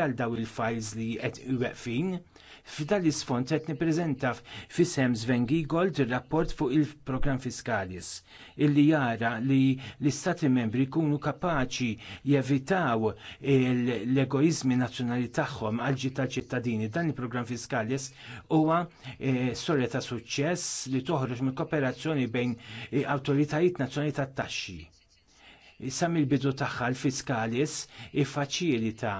għal daw il-files li qed weqfin. F'dan l-isfond qed nippreżenta f'isem Sven Giegold ir-rapport fuq il-programm fiskalis illi jara li l-istati membri jkunu kapaċi jevitaw l-egoizmi nazzjonali tagħhom għal tal-ċittadini. Dan il-programm fiskalis huwa eh, storja ta' suċċess li toħroġ mill kooperazzjoni bejn eh, awtoritajiet nazzjonali tat-taxxi sam il-bidu tagħha l-fiskalis iffaċilita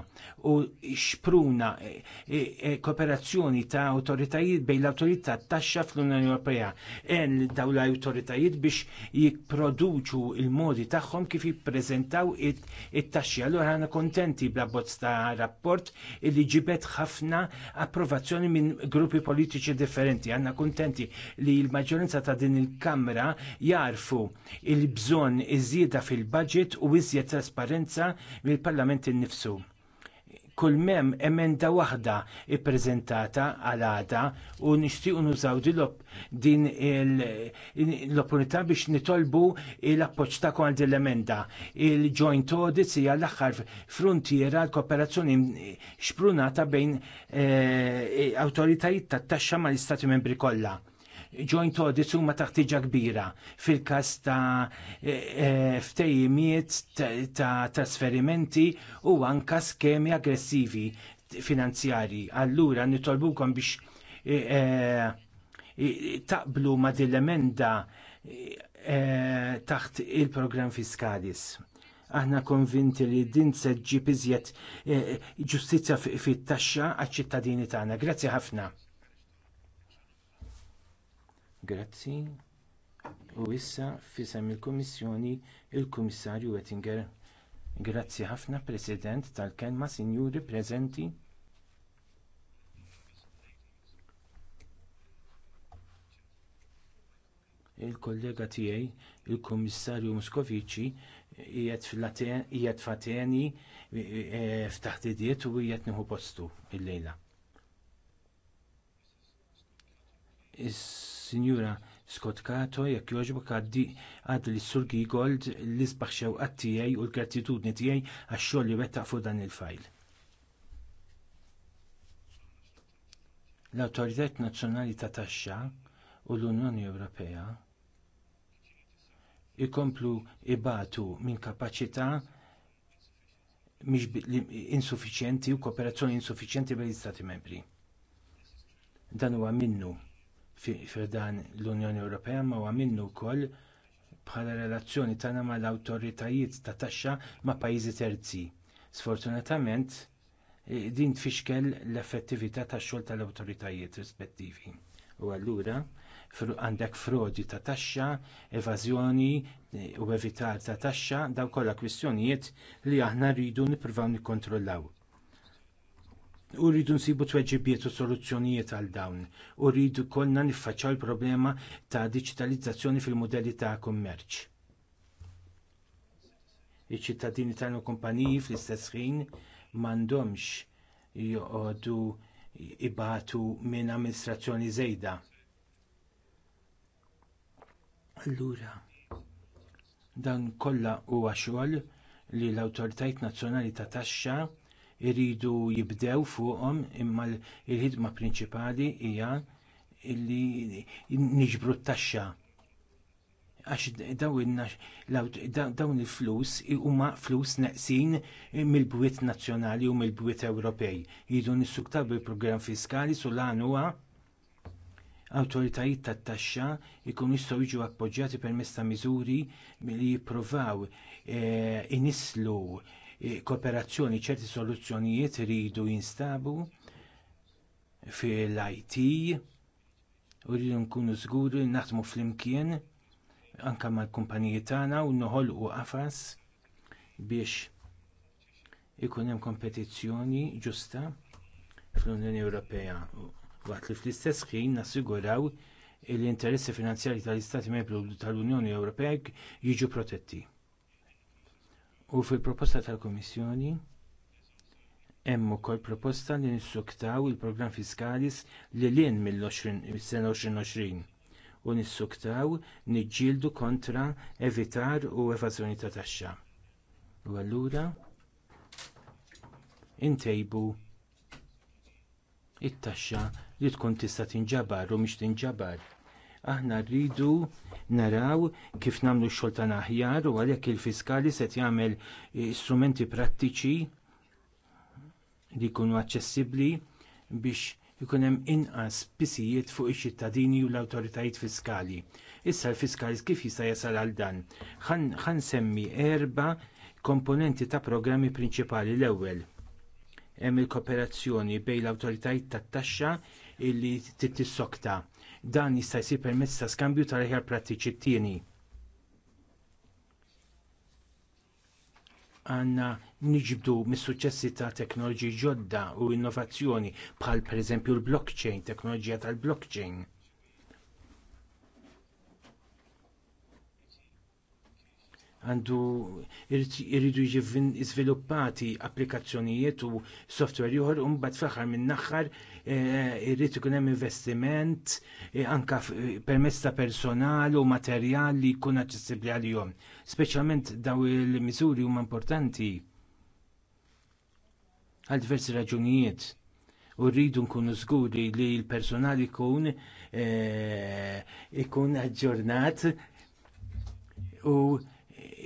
u xpruna e, e, e, kooperazzjoni ta' awtoritajiet bejn l-autorità taxxa fl-Unjoni Ewropea. En daw l-awtoritajiet biex jipproduċu il-modi tagħhom kif jippreżentaw it-taxxi. Allura ħana kontenti bla bozz ta' rapport li ġibet ħafna approvazzjoni minn gruppi politiċi differenti. Għanna kontenti li l-maġġoranza ta' din il-Kamra jarfu il-bżonn iżjida fil-budget budget u iżjed trasparenza mill-Parlament innifsu. Kull mem emenda waħda ippreżentata għal għada u nixtiequ nużaw din l-opportunità biex nitolbu l-appoġġ ta għal din l-emenda. Il-joint audits hija l-aħħar frontiera l-kooperazzjoni xprunata bejn eh, awtoritajiet tat-taxxa mal-Istati Membri kollha joint audits huma taħtiġa kbira fil-każ ta' e, e, ftejimiet ta' trasferimenti u anka skemi aggressivi finanzjarji. Allura nitolbukom biex e, taqblu ma' dil-emenda taħt il-programm fiskalis aħna konvinti li din se ġib iżjed ġustizzja fit-taxxa għaċ-ċittadini tagħna. Grazzi ħafna. Grazzi. U issa fisem il-Kummissjoni il-Kummissarju Oettinger. Grazzi ħafna President tal-kelma Sinjuri Preżenti. il-kollega tiegħi il-Kummissarju Muskoviċi qiegħed fateni e, ftaħt idiet u qiegħed nieħu postu llejla. Sinjura Scott Kato jekk jogħġbok għaddi għad li sur Gold li sbaħ xewqat tiegħi u l-gratitudni tiegħi għax-xogħol li wettaq fuq dan il-fajl. l autoritet Nazzjonali ta' Taxxa u l-Unjoni Ewropea ikomplu ibatu minn kapaċità insuffiċjenti u kooperazzjoni insuffiċjenti bejn l istati membri. Dan huwa minnu F'dan l-Unjoni Ewropea ma minnu wkoll bħala relazzjoni tagħna mal awtoritajiet ta' taxxa ma' pajjiżi terzi. Sfortunatament, eh, din tfixkel l-effettività tax-xogħol tal-awtoritajiet rispettivi. U allura għandek frodi ta' taxxa, evażjoni eh, u evitar ta' taxxa daw kollha kwistjonijiet li aħna rridu nippruvaw nikkontrollaw u rridu nsibu tweġibiet u soluzzjonijiet għal dawn u rridu konna niffaċċaw il-problema ta' diġitalizzazzjoni fil-modelli ta' kummerċ. Iċ-ċittadini tal kumpaniji fl-istess ħin m'għandhomx joqogħdu ibatu minn amministrazzjoni żejda. Allura, dan kollha huwa xogħol li l-awtoritajiet nazzjonali ta' taxxa iridu jibdew fuqhom imma l-ħidma prinċipali hija li niġbru t-taxxa għax dawn il-flus huma flus neqsin mill-bwiet nazzjonali u mill-bwiet Ewropej. Jidu nissuktaw il-programm fiskali sul huwa awtoritajiet tat-taxxa jkunu jistgħu jiġu appoġġjati permezz ta' miżuri li jippruvaw eh, inislu kooperazzjoni ċerti soluzzjonijiet iridu jinstabu fil-IT u rridu nkunu żguri li naħdmu flimkien anke mal-kumpaniji tagħna u noħolqu qafas biex ikun hemm kompetizzjoni ġusta fl-Unjoni Ewropea waqt li fl-istess ħin nassiguraw li l-interessi finanzjarji tal-Istati Membri tal-Unjoni Ewropea jiġu protetti. U fil-proposta tal kummissjoni hemm ukoll proposta li nissuktaw il-programm fiskali li lien mill-sena 2020 u nissuktaw niġġieldu kontra evitar u evażjoni ta' taxxa. U allura intejbu it-taxxa li tkun tista' tinġabar u mhix tinġabar Aħna rridu naraw kif nagħmlu x-xogħol ta' aħjar u għalhekk il-fiskali se jagħmel eh, strumenti prattiċi li jkunu aċċessibbli biex ikun hemm inqas pisijiet fuq iċ-ċittadini u l-awtoritajiet fiskali. Issa l-fiskali kif jista' jasal għal dan? Ħan semmi erba' komponenti ta' programmi prinċipali l-ewwel. Hemm il-kooperazzjoni bejn l-awtoritajiet tat-taxxa illi titissokta Dan jista' jsir permezz ta' skambju tal reħjar prattiċi tieni. Għanna niġbdu mis-suċessi ta' teknoloġi ġodda u innovazzjoni bħal pereżempju l-blockchain, teknoloġija tal-blockchain għandu irridu jiġi izviluppati applikazzjonijiet u software juħor u mbagħad fl-aħħar min-naħħar eh, irrid ikun hemm investiment eh, anke eh, permezz ta' personal u materjal li jkun aċċessibbli għalihom. Speċjalment daw il-miżuri huma importanti għal diversi raġunijiet u rridu nkunu żguri li l-personal ikun ikun aġġornat u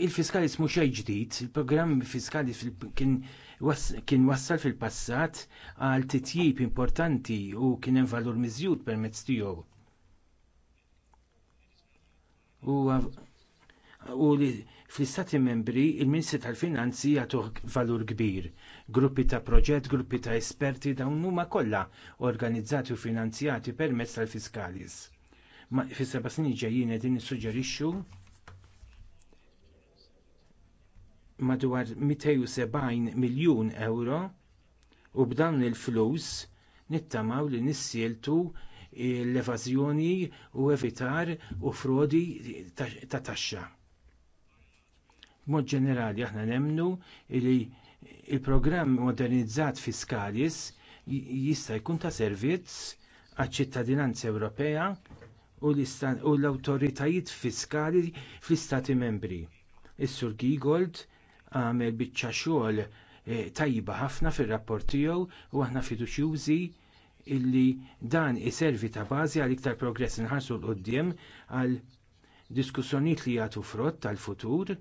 il-fiskalis mhux xej ġdid, il-programm fiskali kien wassal fil-passat għal titjib importanti u kien hemm valur miżjud permezz tiegħu. U fl-istati membri il-Ministri tal-Finanzi jagħtu valur kbir. Gruppi ta' proġett, gruppi ta' esperti dawn huma kollha organizzati u finanzjati permezz tal-fiskalis. Ma fis-seba' snin ġejjin qegħdin nissuġġerixxu madwar 270 miljun euro u b'dan il-flus nittamaw li nissieltu l-evażjoni u evitar u frodi ta' taxxa. B'mod ġenerali aħna nemnu li l programm modernizzat fiskalis jista' jkun ta' servizz għaċ-ċittadinanza Ewropea u l-awtoritajiet fiskali fl-istati membri. Is-Sur Giegold għamel biċċa xogħol eh, tajba ħafna fir-rapport tiegħu u aħna fiduċjużi illi dan iservi ta' bażi għal iktar progress inħarsu l qudiem għal diskussjonijiet li jagħtu frott tal-futur.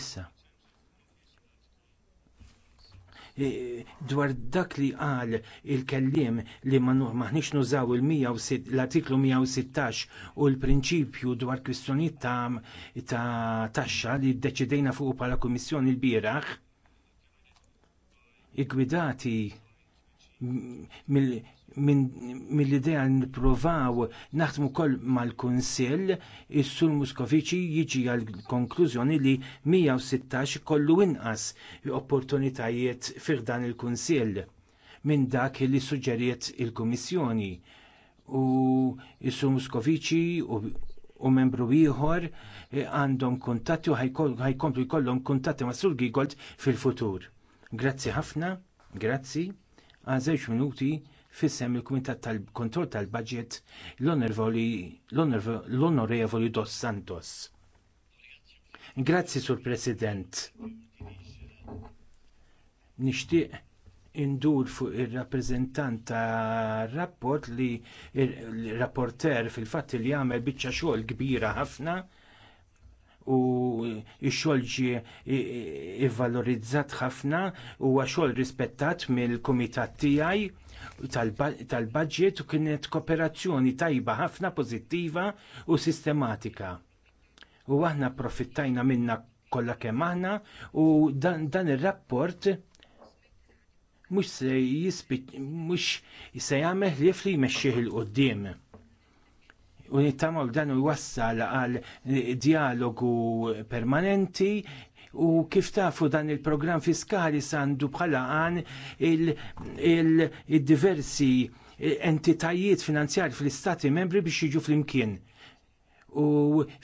Issa. E, dwar dak li qal il-kellim li maħniex nużaw l-artiklu 116 u l-prinċipju dwar kwistjonijiet ta' taxxa li ddeċidejna fuq bħala kummissjoni l biraħ igwidati l idea nippruvaw naħdmu wkoll mal-Kunsill, is-Sur Moscoviċi jiġi għal konklużjoni li 116 kollu inqas opportunitajiet fir dan il-Kunsill minn dak li suġġeriet il-Kummissjoni. U is-Sur Moscoviċi u membru ieħor eh, għandhom kuntatti u ħajkomplu jkollhom kuntatti ma' Sur Gigold fil-futur. Grazzi ħafna, grazzi, għal minuti fissem il-Kumitat tal-Kontroll tal-Budget l-Onorevoli Dos Santos. Grazzi, Sur President. Nixtieq indur fuq ir rappreżentant ta' rapport li il-rapporter fil-fatt li jagħmel biċċa xogħol kbira ħafna u x-xogħol ġie ivvalorizzat ħafna huwa xogħol rispettat mill-kumitat tiegħi tal-budget u kienet kooperazzjoni tajba ħafna pożittiva u sistematika. U aħna profittajna minna kollha kemm aħna u dan, dan ir-rapport mhux se jispit mhux se jagħmel li jmexxih il qudiem U nittamaw dan u jwassal għal dialogu permanenti U kif tafu dan il-programm fiskali sandu bħala għan il-diversi eh, entitajiet finanzjari fl-istati membri biex jiġu fl-imkien u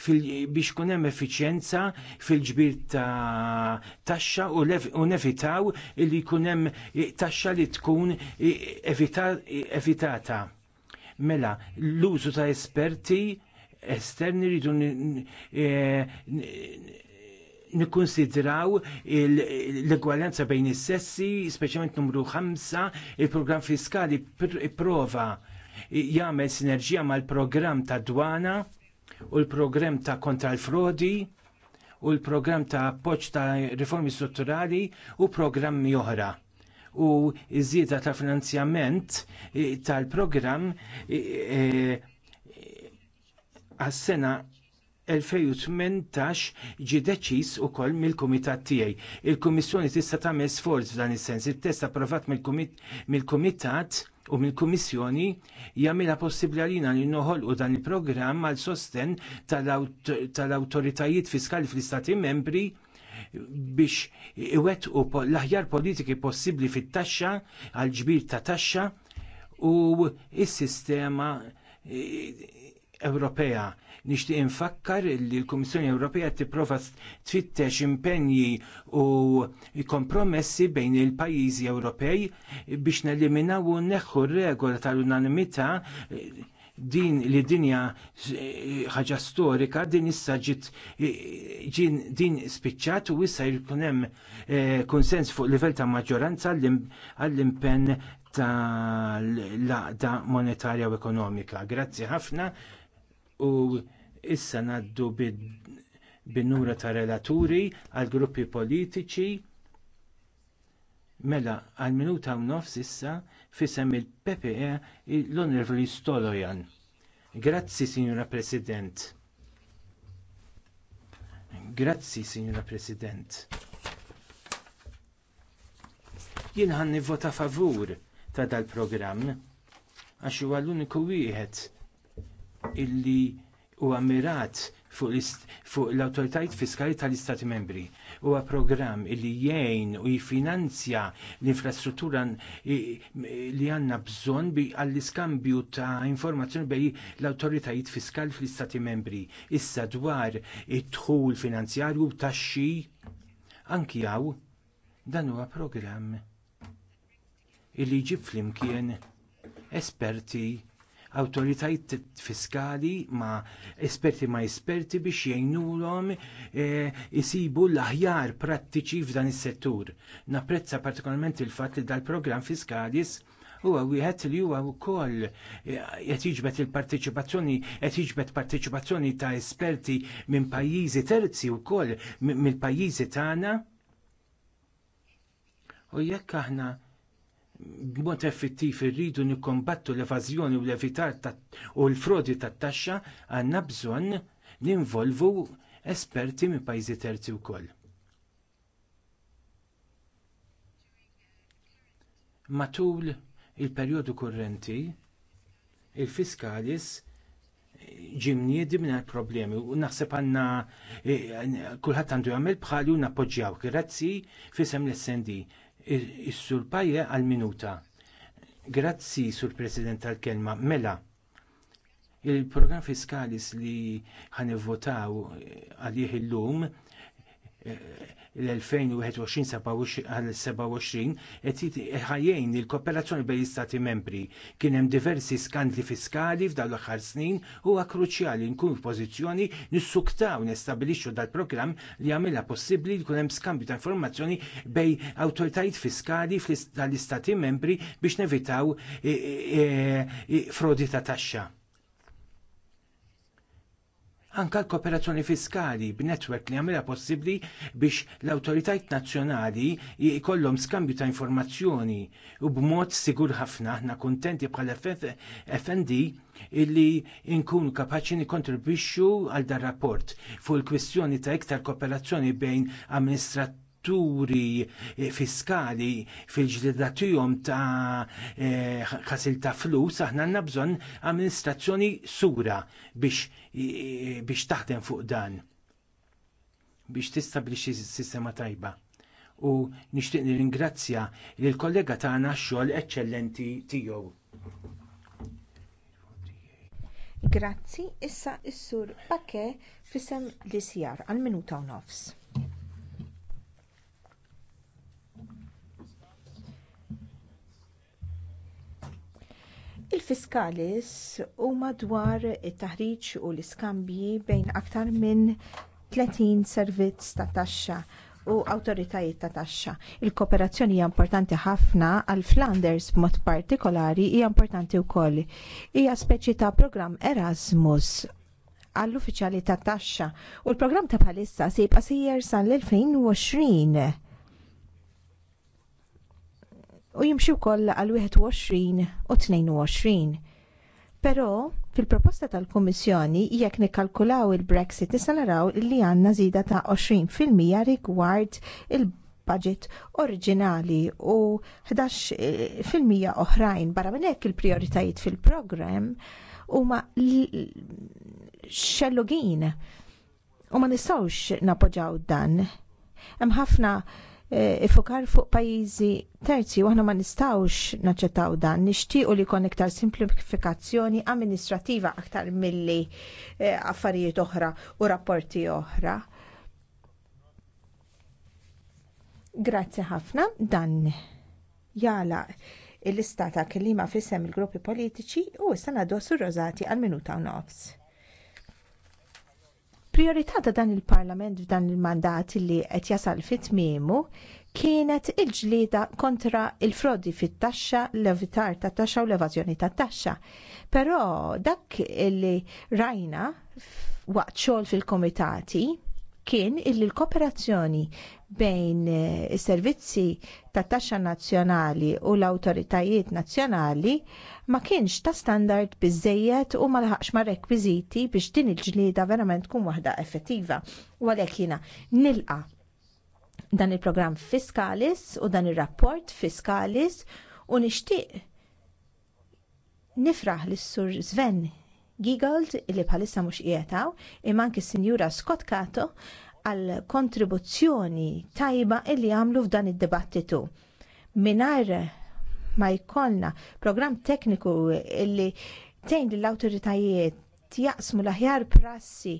biex kun hemm effiċjenza fil-ġbir ta' taxxa u nevitaw li jkun hemm eh, taxxa li tkun eh, evitata. Mela, l-użu ta' esperti esterni rridu nikkonsidraw l-egwalenza bejn is-sessi, speċjalment numru 5, il-programm fiskali prova jagħmel sinerġija mal-programm ta' dwana u l-programm ta' kontra l-frodi u l-programm ta' appoġġ ta' riformi strutturali u programmi oħra u iż-żieda ta' finanzjament eh, tal-programm eh, eh, għas-sena e, 2018 ġie deċiż ukoll mill-kumitat tiegħi. Il-Kummissjoni tista' tagħmel sforz f'dan is-sens. Il-test approvat mill-kumitat u mill-Kummissjoni jagħmilha possibbli għalina li noħolqu dan il-programm għal sosten tal-awtoritajiet fiskali fl-Istati membri biex iwettqu l-aħjar politiki possibbli fit-taxxa għal ġbir ta' taxxa u s-sistema eh, Ewropea Nixtieq infakkar li l-Kummissjoni Ewropea tipprova tfittex impenji u kompromessi bejn il-pajjiżi Ewropej biex neliminaw u neħħu r-regola tal-unanimità eh, din li dinja eh, ħaġa storika din issa ġiet eh, din spiċċat u issa jkun hemm konsens fuq livell ta' maġġoranza għall-impenn tal-laqda monetarja u ekonomika. Grazzi ħafna u issa ngħaddu bin-numru ta' relaturi għal gruppi politiċi mela għal minuta u nofs issa fisem il-PPE l-Onorevoli Stolojan. Grazzi, Signora President. Grazzi, Signora President. Jien ħanni vota favur ta' dal-programm għax huwa l-uniku wieħed illi huwa mirat fuq l awtoritajiet fiskali tal-Istati membri. Huwa programm li jgħin u jifinanzja l-infrastruttura li għandna bżonn għall-iskambju ta' informazzjoni bej l awtoritajiet fiskali fl-Istati membri. Issa dwar id-dħul finanzjarju taxxi anki hawn dan huwa programm illi jġib flimkien esperti awtoritajiet fiskali ma' esperti ma' esperti biex jgħinulhom e, l-aħjar prattiċi f'dan is-settur. Napprezza partikolarment il-fatt li dal-programm fiskalis huwa wieħed li huwa wkoll eh, qed jiġbed il-partiċipazzjoni qed partiċipazzjoni ta' esperti minn pajjiżi terzi wkoll mill-pajjiżi tagħna. U jekk aħna b'mod effettiv irridu nikkombattu l-evażjoni u l-evitar u l-frodi tat-taxxa għandna bżonn ninvolvu esperti minn pajjiżi terzi wkoll. Matul il-perjodu kurrenti, il-fiskalis ġimni l problemi u naħseb għanna eh, kullħat għandu jagħmel bħalu nappoġġjaw grazzi fisem l-SND. Is-sur Paje għal minuta. Grazzi, sur President tal-kelma. Mela, il-program fiskalis li ħanivvotaw għalih illum l-2021 għal-27 qed ħajjejn il-kooperazzjoni bejn l-istati membri. Kien hemm diversi skandli fiskali f'dawn l-aħħar snin huwa kruċjali nkun f'pożizzjoni nissuktaw nestabilixxu dal-programm li jagħmilha possibbli jkun hemm skambju ta' informazzjoni bejn awtoritajiet fiskali tal-istati membri biex nevitaw e- e- e- frodi ta' taxxa Anka l-kooperazzjoni fiskali b'netwerk li għamilha possibbli biex l-awtoritajiet nazzjonali jkollhom skambju ta' informazzjoni u b'mod sigur ħafna aħna kuntenti bħal FND illi nkunu kapaċi nikontribwixxu għal dar rapport fuq il-kwistjoni ta' iktar kooperazzjoni bejn amministrat atturi eh, fiskali fil-ġlida tijom ta' eh, ħasil ta' flus, aħna għanna bżon amministrazzjoni sura biex eh, taħdem fuq dan biex tistabliċi sistema tajba. U nixtieq nirringrazzja lill kollega tagħna x-xogħol eċċellenti tiegħu. Grazzi, issa s-sur Bakke fisem l-isjar għal minuta u nofs. Il-fiskalis huma dwar it-taħriġ u l-iskambji bejn aktar minn 30 servizz ta' taxxa u awtoritajiet ta' taxxa. Il-kooperazzjoni hija importanti ħafna għal Flanders b'mod partikolari hija importanti wkoll. Hija speċi ta' programm Erasmus għall-uffiċjali ta' taxxa u l-programm ta' bħalissa se jibqa' sejjer sal-2020 u jimxi wkoll għal 21 u 22. Però fil-proposta tal-Kummissjoni jekk nikkalkulaw il-Brexit nista' naraw li għandna zida ta' 20% rigward il-budget oriġinali u 11% oħrajn barra minn hekk il-prijoritajiet fil-programm huma xellugin u ma nistgħux napoġġaw dan. Hemm ħafna Eh, ifokar fuq pajjiżi terzi u aħna ma nistgħux naċċettaw dan. Nixtiequ li jkun iktar simplifikazzjoni amministrattiva aktar milli eh, affarijiet oħra u rapporti oħra. Grazzi ħafna dan jala l istata ta' fissem il-gruppi politiċi u s-sana dosu rozati għal minuta u nofs. Priorità ta' dan il-Parlament f'dan il-mandat li qed jasal fit Miemu kienet il-ġlieda kontra il-frodi fit-taxxa, l-evitar ta' taxxa u l-evażjoni ta' taxxa. Però dak li rajna waqt xogħol fil-komitati kien illi l-kooperazzjoni bejn is-servizzi eh, tat taxxa nazzjonali u l-awtoritajiet nazzjonali ma kienx ta' standard biżżejjed u ma laħaqx ma' rekwiżiti biex din il-ġlieda verament tkun waħda effettiva. U għalhekk jiena nilqa dan il-programm Fiskalis u dan ir-rapport Fiskalis u nixtieq nifraħ lis sur Sven Giegold li bħalissa mhux qiegħtaw imma anke Sinjura Scott Cato għal kontribuzzjoni tajba illi għamlu f'dan id-dibattitu. Minar ma jkollna program tekniku illi tejn l-autoritajiet jaqsmu l-aħjar prassi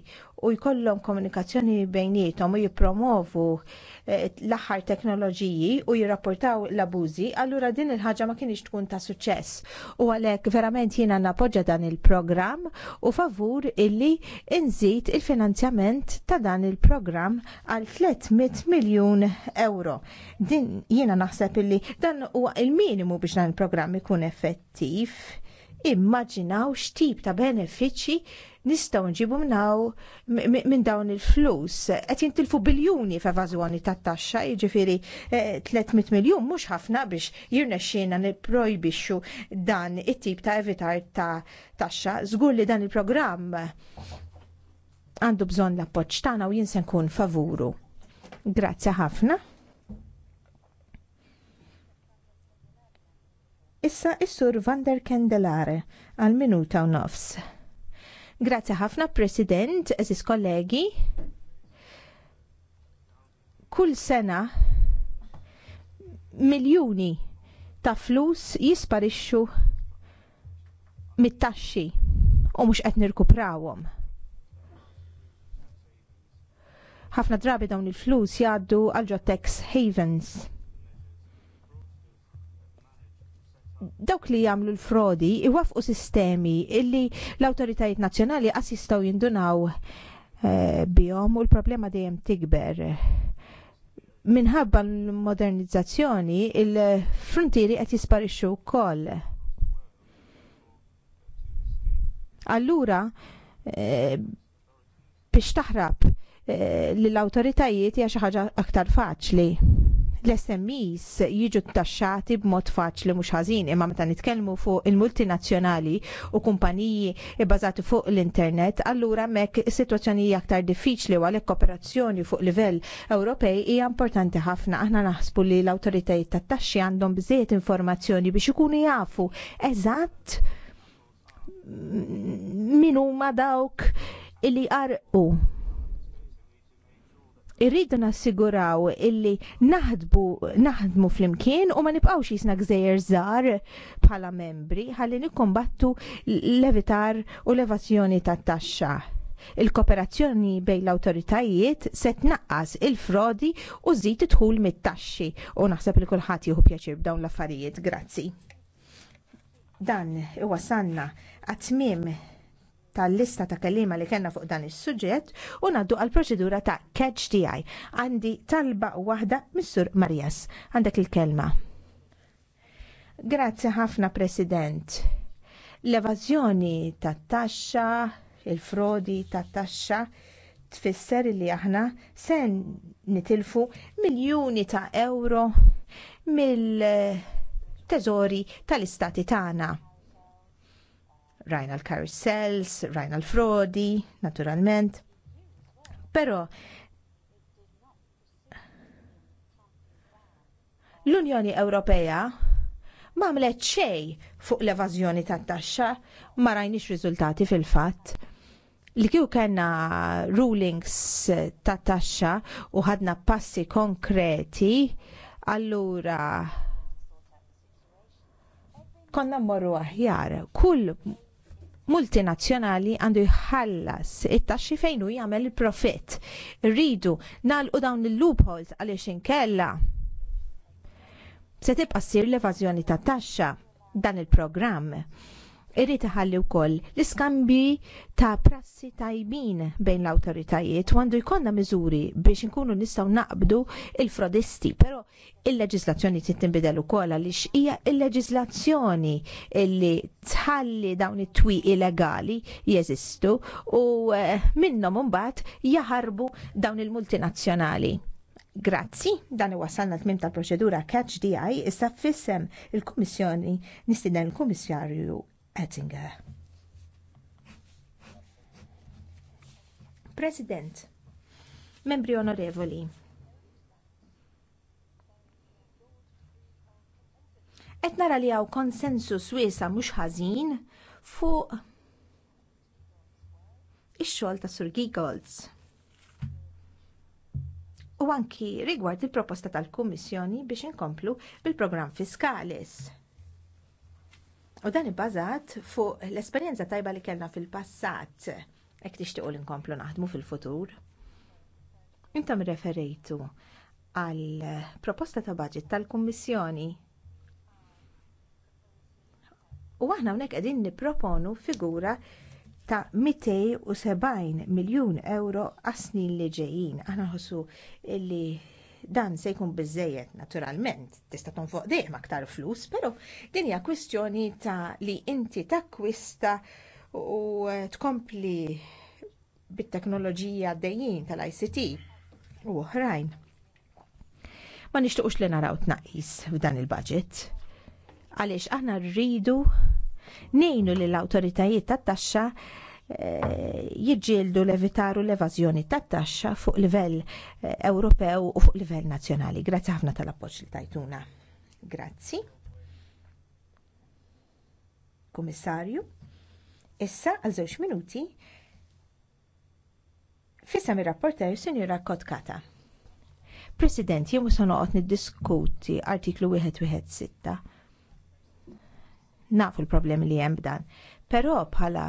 u jkollhom komunikazzjoni bejnietom u jippromovu eh, l-aħħar teknoloġiji u jirrapportaw l-abużi, allura din il-ħaġa ma kienx tkun ta' suċċess. U għalhekk verament jiena napoġġa dan il-programm u favur illi inżid il-finanzjament ta' dan il-programm għal 300 miljun euro. Din jiena naħseb illi dan huwa il-minimu biex dan il-programm ikun effettiv immaġinaw x'tip ta' benefiċċji nistgħu nġibu minn dawn il-flus. Qed jintilfu biljuni f'evażjoni tat-taxxa, jiġifieri 300 eh, miljun mhux ħafna biex jirnexxiena nipprojbixxu dan it-tip ta' evitar ta' taxxa. Żgur li dan il-programm għandu bżonn l-appoġġ tagħna u jinsen kun favuru. Grazzi ħafna. Issa is-sur Van der Kendelare għal minuta u nofs. Grazzi ħafna President, eżis kollegi. Kull sena miljuni ta' flus jisparixxu mit-taxxi u mhux qed nirkuprawhom. Ħafna drabi dawn il-flus jgħaddu għal tax havens. dawk li jagħmlu l-frodi iwafqu sistemi illi l-awtoritajiet nazzjonali assistaw jindunaw eh, bihom u l-problema dejjem tikber. Minħabba l-modernizzazzjoni il-frontieri qed jisparixxu wkoll. Allura eh, biex taħrab eh, lill-awtoritajiet hija xi ħaġa aktar faċli l-SMEs jiġu taxxati b'mod faċli mhux ħażin imma meta nitkellmu fuq il-multinazzjonali u kumpaniji bbażati fuq l-internet, allura hemmhekk is-sitwazzjoni aktar diffiċli u għalhekk kooperazzjoni fuq livell Ewropej hija importanti ħafna. Aħna naħsbu li l-awtoritajiet tat-taxxi għandhom bżejjed informazzjoni biex ikunu jafu eżatt min huma dawk li qarqu irridu nassiguraw illi naħdbu naħdmu flimkien u ma nibqgħux jisna gżejjer żgħar bħala membri ħalli nikkombattu l-levitar u l-evazzjoni tat-taxxa. Il-kooperazzjoni bejn l-awtoritajiet se tnaqqas il-frodi u żid idħul mit-taxxi u naħseb li kulħadd jieħu pjaċir b'dawn l-affarijiet. Grazzi. Dan iwasanna għat-tmiem tal-lista ta' kelliema li kellna fuq dan is-suġġett u ngħaddu għall proċedura ta' catch TI Għandi talba waħda mis-Sur Marjas. Għandek il-kelma. Grazzi ħafna President. L-evażjoni tat-taxxa, il-frodi tat-taxxa, tfisser li aħna se nitilfu miljuni ta' euro mill-teżori tal-istati tagħna rajna l carousels rajna l-frodi, naturalment. Però l-Unjoni Ewropea ma mlet xejn fuq l-evażjoni tat-taxxa, ma rajniex riżultati fil-fatt. Li kieku kellna rulings tat-taxxa u ħadna passi konkreti, allura konna mmorru aħjar. Kull multinazzjonali għandu jħallas it-taxxi fejn hu jagħmel il-profitt. Rridu nagħlqu dawn il-loopholes għaliex inkella se tibqa' ssir l-evażjoni tat-taxxa dan il-programm irrid iħalli wkoll l-iskambji ta' prassi tajbin bejn l-awtoritajiet għandu jkollna miżuri biex inkunu nistgħu naqbdu il-frodisti, però il-leġislazzjoni trid tinbidel ukoll għaliex hija il-leġislazzjoni li tħalli dawn it-twieqi illegali jeżistu u eh, minnhom imbagħad jaħarbu dawn il-multinazzjonali. Grazzi, dan iwasalna tmim tal-proċedura Catch DI issa fissem il-Kummissjoni nistiden il-Kummissarju Ettinger. President, membri onorevoli, qed nara li hawn konsensus wiesa' mhux ħażin fuq ix-xogħol ta' Sur Giggles. U anki rigward il-proposta tal-Kummissjoni biex inkomplu bil-programm fiskalis. U dan ibbażat fuq l-esperjenza tajba li kellna fil-passat jekk tixtiequ li nkomplu naħdmu fil-futur. Intom referejtu għal proposta ta' budget tal-Kummissjoni u aħna hawnhekk qegħdin nipproponu figura ta' 270 miljun euro għas-snin li ġejjin. Aħna ħossu li Dan se jkun biżżejjed naturalment, tista' tonfoq dejjem aktar flus, però din hija kwistjoni ta' li inti takkwista u tkompli bit-teknoloġija dejjin tal-ICT u oħrajn. Ma nixtuqx li naraw tnaqqis f'dan il-budget. Għaliex aħna rridu nejnu lill awtoritajiet tat-taxxa Eh, jiġġieldu levitaru l-evażjoni tat-taxxa fuq livell eh, Ewropew u fuq livell nazzjonali. Grazzi ħafna tal-appoġġ li tajtuna. Grazzi. Kummissarju. Issa għal żewġ minuti fissam ir-rapporter Sinjura Kotkata. President, jien sa noqgħod niddiskuti artiklu 6. Nafu l-problemi li hemm dan, però bħala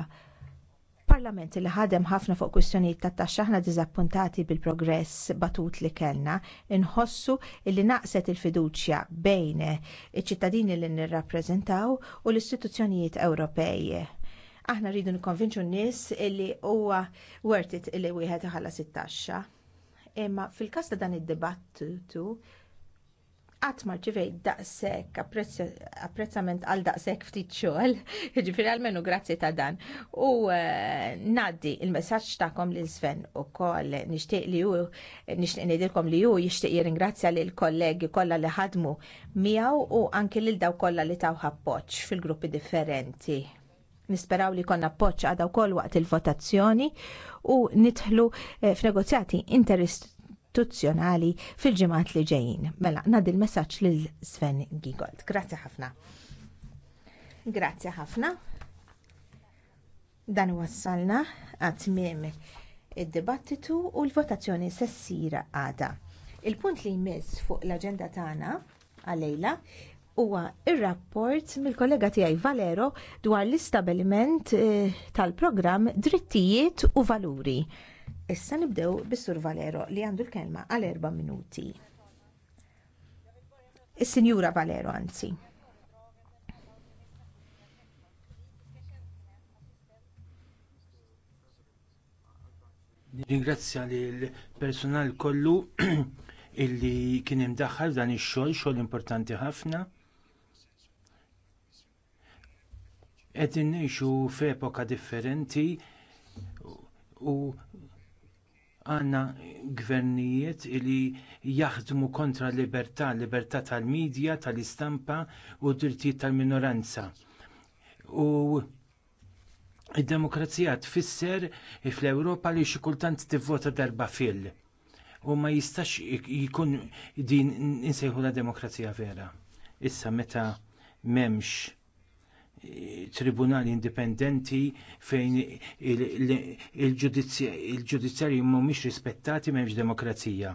Parlament li ħadem ħafna fuq kwistjonijiet tat taxxa aħna diżappuntati bil-progress batut li kellna, inħossu li naqset il-fiduċja bejn iċ-ċittadini li nirrappreżentaw u l-istituzzjonijiet Ewropej. Aħna rridu nikkonvinċu n-nies li huwa worth it li wieħed iħallas it-taxxa. Imma fil-każ ta' dan id-dibattitu qatt ma rċivejt daqshekk apprezzament għal daqshekk ftit xogħol, jiġifieri għalmenu grazzi ta' dan. U eh, naddi il-messaġġ tagħkom l Sven ukoll nixtieq li hu nixtieq ngħidilkom li hu jixtieq li l kollegi kollha li ħadmu miegħu u li lil daw kollha li taw appoġġ fil-gruppi differenti. Nisperaw li konna appoġġ għadaw kol waqt il-votazzjoni u nidħlu eh, f'negozjati interistituzzjonali istituzzjonali fil-ġimgħat li ġejjin. Mela, nad il-messaġġ lil Sven Gigold. Grazzi ħafna. Grazzi ħafna. Dan wassalna għat-tmiem id-dibattitu u l-votazzjoni sessira għada. Il-punt li jmiss fuq l-aġenda tagħna għalejla huwa ir-rapport mill-kollega tiegħi Valero dwar l-istabbiliment eh, tal-programm Drittijiet u Valuri. Issa nibdew bis-Sur Valero li għandu l-kelma għal erba' minuti. Is-Sinjura Valero anzi. Ringrazzja li l-personal kollu illi kien imdaħħal dan ix-xogħol, xogħol importanti ħafna. Qed ngħixu f'epoka differenti u għanna gvernijiet li jaħdmu kontra l-libertà, libertà tal-medja, tal-istampa u d-drittijiet tal-minoranza. U id-demokrazija tfisser fl-Ewropa li xi kultant tivvota darba fil. U ma jistax jkun din insejħu la demokrazija vera. Issa meta m'hemmx tribunali indipendenti fejn il-ġudizzjarji mhumiex rispettati m'hemmx demokrazija.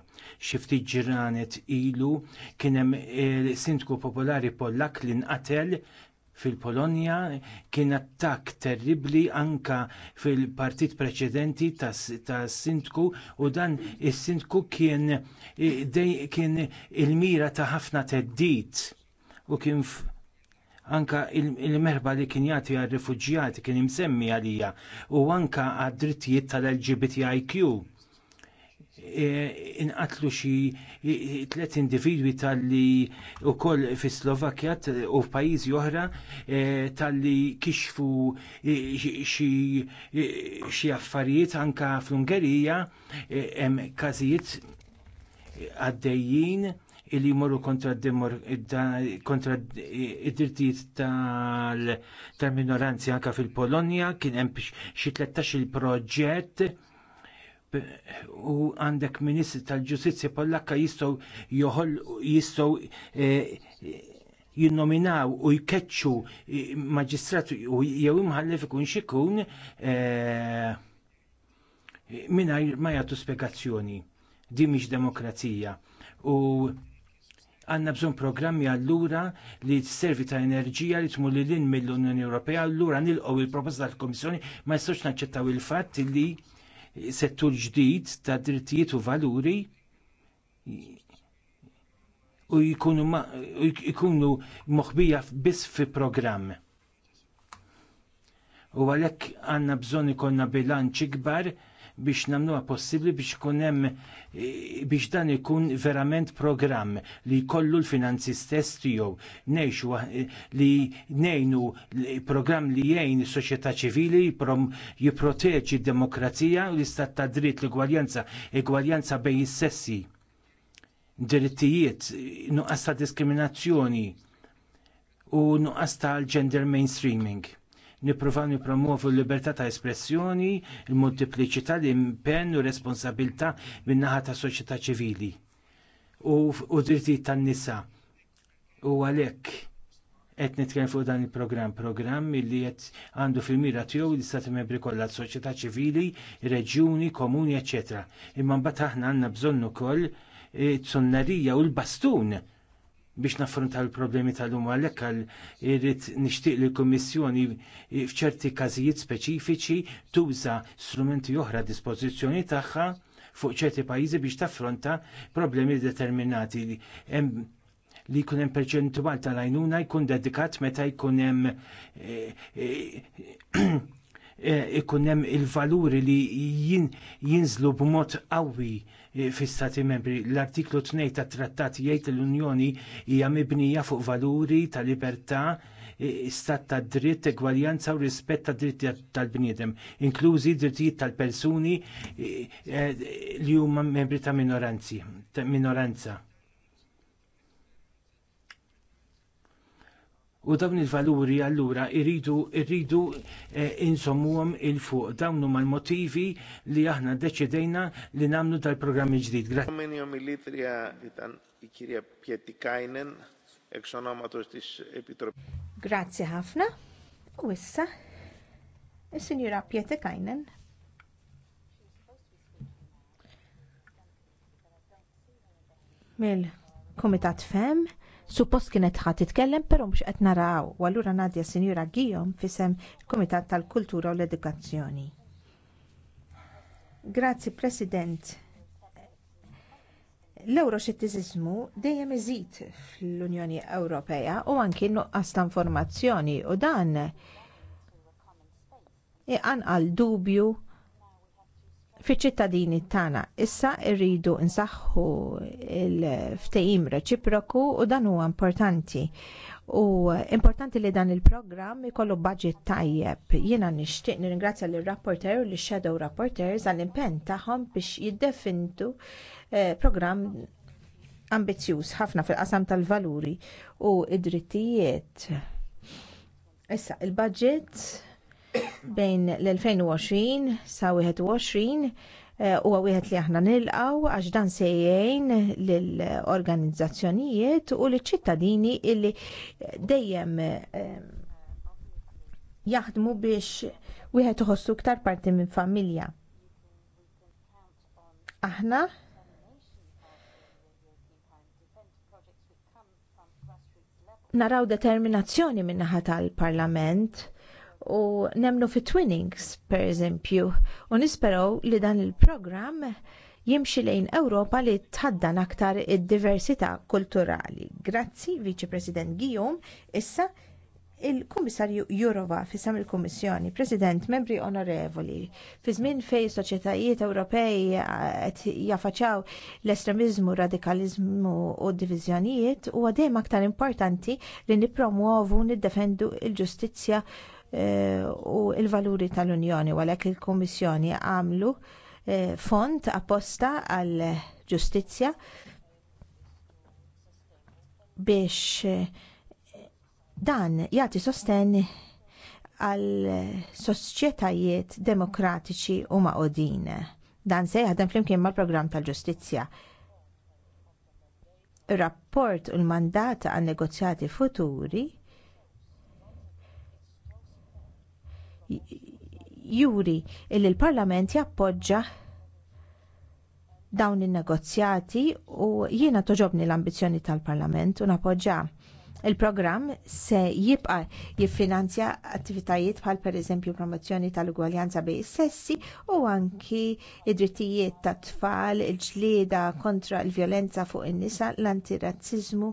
Xi ftit ġranet ilu kien hemm il-Sindku eh, Popolari Pollak li nqatel fil-Polonja kien attakk terribli anke fil-partit preċedenti tas sindku u dan is-sindku kien, eh, kien il-mira ta' ħafna teddit u kien anka il-merba li kien jagħti għar-rifuġjati kien imsemmi għalija u anka għad-drittijiet tal-LGBTIQ. E, inqatlu xi tliet individwi tal-li wkoll fi Slovakkja u f'pajjiżi oħra e, tal-li kixfu e, xi affarijiet anka fl-Ungerija hemm każijiet għaddejjin illi jmorru kontra id-dirtijiet tal-minoranzi anka fil-Polonja kien hemm xi 13 il proġett u għandek ministri tal-ġustizzja Pollakka jistgħu joħol jistgħu e, jinnominaw u jkeċċu e, maġistrat u jew imħallef ikun xikun e, mingħajr ma jagħtu spjegazzjoni. Di mhix demokrazija. U Għanna bżon programmi għallura li t-servi ta' enerġija li tmur li l-in mill-Unjoni Ewropea għallura nilqgħu il-proposta tal-Komissjoni ma jistax naċċettaw il-fatt li settur ġdid ta' drittijiet u valuri u jkunu, jkunu moħbija biss fi programm. U għalhekk għandna bżonn ikollna bilanċ ikbar biex namluha possibbli biex ikun hemm e, biex dan ikun verament programm li jkollu l-finanzi stess tiegħu ngħixu e, li ngħinu programm li jgħin is-soċjetà ċivili jipproteġi d-demokrazija u l-istat ta' dritt l-igwaljanza, igwaljanza bejn is-sessi drittijiet, nuqqas ta' diskriminazzjoni u nuqqas ta' gender mainstreaming nippruvaw nipromovu l-libertà ta' espressjoni, il-multipliċità, l-impenn u responsabilità min-naħa tas soċjetà ċivili u drittijiet tan-nisa. U għalhekk qed nitkellem fuq dan il-programm, programm li qed għandu fil-mira tiegħu l-istati membri kollha soċjetà ċivili, reġjuni, komuni, eċċetera. Imma mbagħad aħna għandna bżonn ukoll eh, t-sonnarija u l-bastun biex naffronta l-problemi tal-lum għalhekk għal irrid nixtieq li l-Kummissjoni f'ċerti każijiet speċifiċi tuża strumenti oħra dispożizzjoni tagħha fuq ċerti pajjiżi biex taffronta problemi determinati li jkun hemm perċentwal tal-għajnuna jkun dedikat meta jkun hemm eh, eh, Eh, ikun hemm il-valuri li jinżlu b'mod qawwi eh, fis-Stati membri. L-artiklu 2 tat-trattat jgħid l-Unjoni hija mibnija fuq valuri ta' libertà istat eh, ta' dritt, egwaljanza u rispett ta' dritt tal-bniedem, inklużi drittijiet tal-persuni li huma membri ta' minoranzi, ta' minoranza. u dawn il-valuri allura irridu irridu eh, insommuhom il fuq dawn huma l-motivi li aħna deċidejna li nagħmlu tal-programmi ġdid. Grazzi ħafna. U issa is-Sinjura Pietikajnen mill komitat Fem suppost kienet ħadd titkellem però mhux qed naraw u allura Nadja Sinjura Gijom fisem il-Kumitat tal-Kultura u l-Edukazzjoni. Grazzi President. L-Euroxettiżiżmu dejjem iżid fl-Unjoni Ewropea u anki nuqqas ta' informazzjoni u dan iqan għal dubju fiċ-ċittadini tagħna. Issa rridu nsaħħu l-ftehim reċiproku u dan huwa importanti. U importanti li dan il-programm ikollu budget tajjeb. Jiena nixtieq nirringrazzja lir rapporter u l-shadow rapporters għall impenn tagħhom biex jiddefintu eh, programm ambizzjuż ħafna fil-qasam tal-valuri u id-drittijiet. Issa, il-budget bejn l-2020 sa 21 eh, huwa wieħed li aħna nilqaw għax dan se jgħin lill-organizzazzjonijiet u liċ-ċittadini illi eh, dejjem eh, jaħdmu biex wieħed iħossu ktar parti minn familja. Aħna naraw determinazzjoni min-naħa tal-Parlament u nemnu fi twinnings per eżempju u nisperaw li dan il-programm jimxi lejn Ewropa li tħaddan aktar id-diversità kulturali. Grazzi, Vice President Guillaume, issa il-Kummissarju Jurova sam il-Kummissjoni, President, membri onorevoli, fi żmien fej soċjetajiet Ewropej eh, qed jaffaċċaw l-estremizmu, radikalizmu u d u huwa dejjem aktar importanti li nippromuovu niddefendu l-ġustizzja u il-valuri tal-Unjoni għalhekk il-Kummissjoni għamlu eh, fond apposta għal ġustizzja biex eh, dan jagħti sosten għal soċjetajiet demokratiċi u maqodin. Dan se jaħdem flimkien mal-programm tal-ġustizzja. rapport u l-mandat għan negozjati futuri juri li l-Parlament jappoġġa dawn in-negozjati u jiena toġobni l-ambizzjoni tal-Parlament u napoġġa. Il-programm se jibqa jiffinanzja attivitajiet bħal pereżempju promozzjoni tal-ugwaljanza bejn is-sessi u anki id-drittijiet tat tfal, il-ġlieda kontra l-vjolenza fuq in-nisa, l-antirazzizmu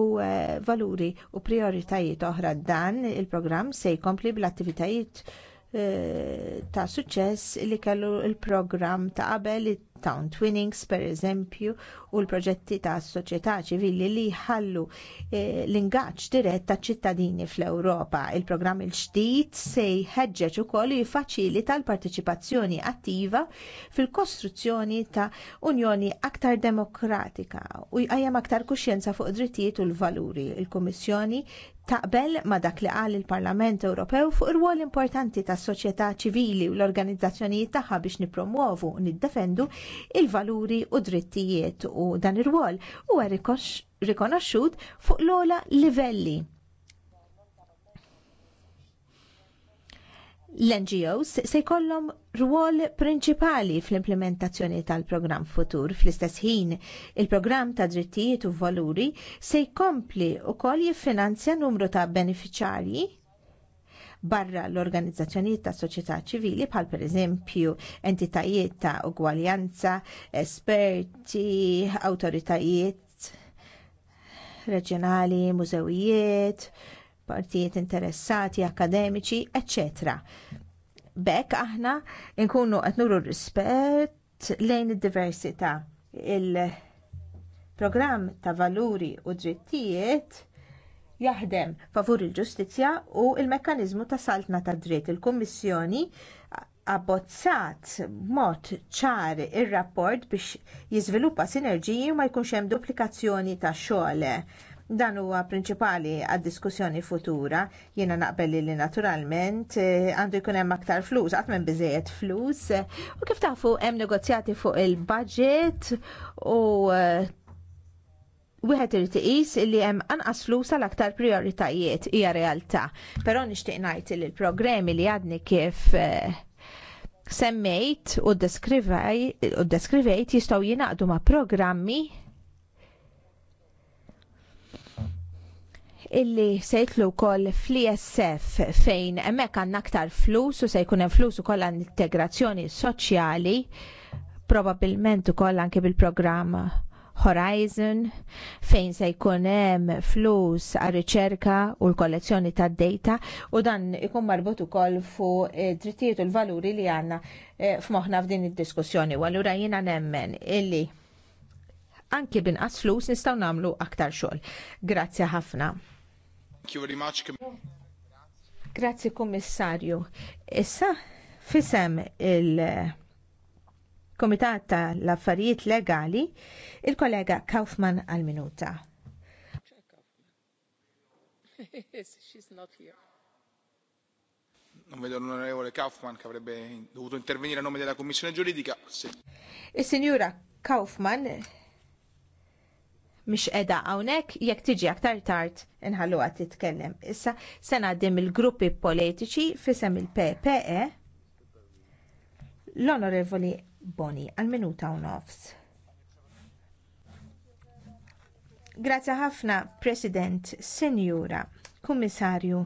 u eh, valuri u prioritajiet oħra dan il-programm se jkompli bl-attivitajiet Eh, ta' suċċess li kellu l-programm ta' qabel town twinnings pereżempju, u l-proġetti ta' soċjetà ċivili li jħallu eh, l-ingaġġ dirett ta' ċittadini fl-Ewropa. Il-programm il-ġdid se jħeġġeġ ukoll jiffaċilita l partiċipazzjoni attiva fil-kostruzzjoni ta' Unjoni aktar demokratika u jqajjem aktar kuxjenza fuq drittijiet u l-valuri. Il-Kummissjoni taqbel ma dak li qal il-Parlament Ewropew fuq ir-rwol importanti tas soċjetà ċivili u l-organizzazzjonijiet tagħha biex nippromuovu u niddefendu il-valuri u drittijiet u dan ir-rwol huwa rikonoxxut fuq l ogħla livelli l-NGOs se jkollhom rwol prinċipali fl-implementazzjoni tal-programm futur fl-istess ħin. Il-programm ta' drittijiet u valuri se jkompli wkoll jiffinanzja numru ta' beneficjarji barra l-organizzazzjonijiet ta' soċjetà ċivili bħal pereżempju entitajiet ta' ugwaljanza, esperti, awtoritajiet reġjonali, mużewijiet, partijiet interessati, akademiċi, etc. Bekk aħna nkunu qed nuru rispett lejn id-diversità. Il-programm ta' valuri u drittijiet jaħdem favur il-ġustizzja u l mekkaniżmu ta' saltna tad dritt. Il-Kummissjoni abbozzat mod ċar ir rapport biex jiżviluppa sinerġiji u ma jkunx hemm duplikazzjoni ta' xogħol. Dan huwa prinċipali għad-diskussjoni futura. Jiena naqbel li naturalment eh, għandu jkun hemm aktar flus, qatt minn biżejjed flus. U kif tafu hemm negozjati fuq il-budget u eh, Wieħed irid tiqis li hemm anqas flus għal aktar prioritajiet hija realtà. Però nixtieq ngħid li l-programmi li għadni kif eh, semmejt u deskrivejt jistgħu jingħaqdu ma' programmi illi se jitlu wkoll fl-ISF fejn hemmhekk għandna aktar flus u se jkun hemm flus ukoll għan integrazzjoni soċjali probabbilment ukoll anke bil-programm Horizon fejn se jkun hemm flus għar riċerka u l-kollezzjoni tad data u dan ikun marbut ukoll fuq drittijiet u l-valuri li għandna e, f'moħħna f'din id-diskussjoni u allura jiena nemmen illi anki binqas flus nistgħu nagħmlu aktar xogħol. Grazzi ħafna. Thank you very much. Grazzi Issa fisem il- eh, Komitat tal-Affarijiet Legali, il-kollega Kaufman għal-Minuta. Non vedo l'onorevole Kaufman che avrebbe dovuto intervenire a nome della Commissione giuridica. Il signora Kaufman mhix qiegħda hawnhekk jekk tiġi aktar tard inħalluha titkellem. Issa se ngħaddim il-gruppi politiċi fisem il-PPE l-Onorevoli Boni għal minuta u nofs. Grazzi ħafna, President, Senjura, Kummissarju.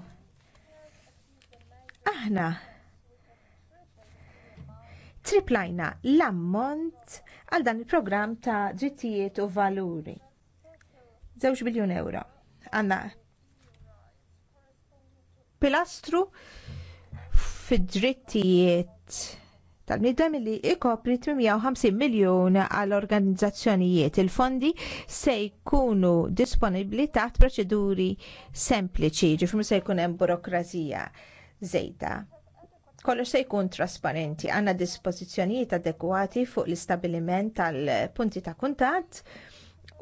Aħna triplajna l-ammont għal dan il-programm ta' drittijiet u valuri żewġ biljun euro. Għanna pilastru fid-drittijiet tal-nidem li ikopri 350 miljon għal organizzazzjonijiet. Il-fondi se jkunu disponibli taħt proċeduri sempliċi, ġifim se jkun hemm burokrazija zejta. kollox se jkun trasparenti, għandna dispożizzjonijiet adekwati fuq l-istabiliment tal-punti ta' kuntatt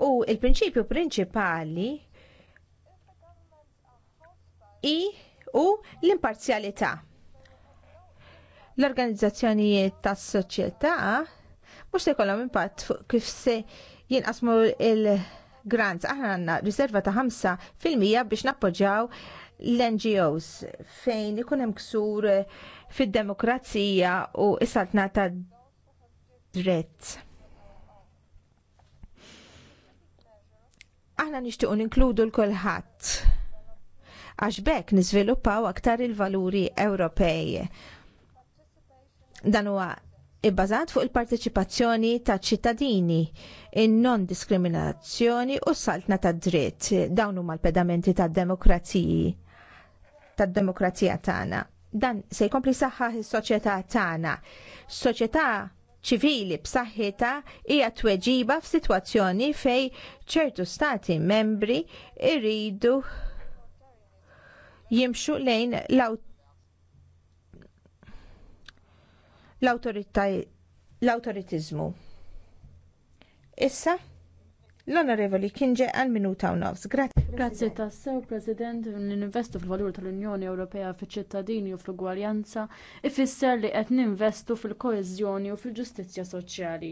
U il-prinċipju prinċipali i u l-imparzjalità. L-organizzazzjonijiet tas soċjetà mhux se jkollhom impatt kif se jinqasmu il-grants. Aħna għandna riserva ta' 5% biex nappoġġjaw l-NGOs fejn ikun hemm ksur fid-demokrazija u is-saltna ta' dritt. Aħna nixtiequ ninkludu l-kulħadd għax bekk niżviluppaw aktar il-valuri Ewropej. Dan huwa ibbażat fuq il-parteċipazzjoni ta' ċittadini, in-non diskriminazzjoni u s-saltna ta' dritt. Dawn huma l-pedamenti tad demokrazija tad-demokrazija tagħna. Dan se jkompli saħħa is-soċjetà tagħna. Soċjetà ċivili b'saħħitha hija tweġiba f'sitwazzjoni fejn ċertu stati membri jridu jimxu lejn l-awtoritiżmu. Issa? L-Onorevoli Kinġe għal minuta u nofs. Grazie. Grazie tassew, President, l-investu fil-valur tal-Unjoni Ewropea fil-ċittadini u fil-gwaljanza ifisser li qed ninvestu fil-koezjoni u fil-ġustizzja soċjali.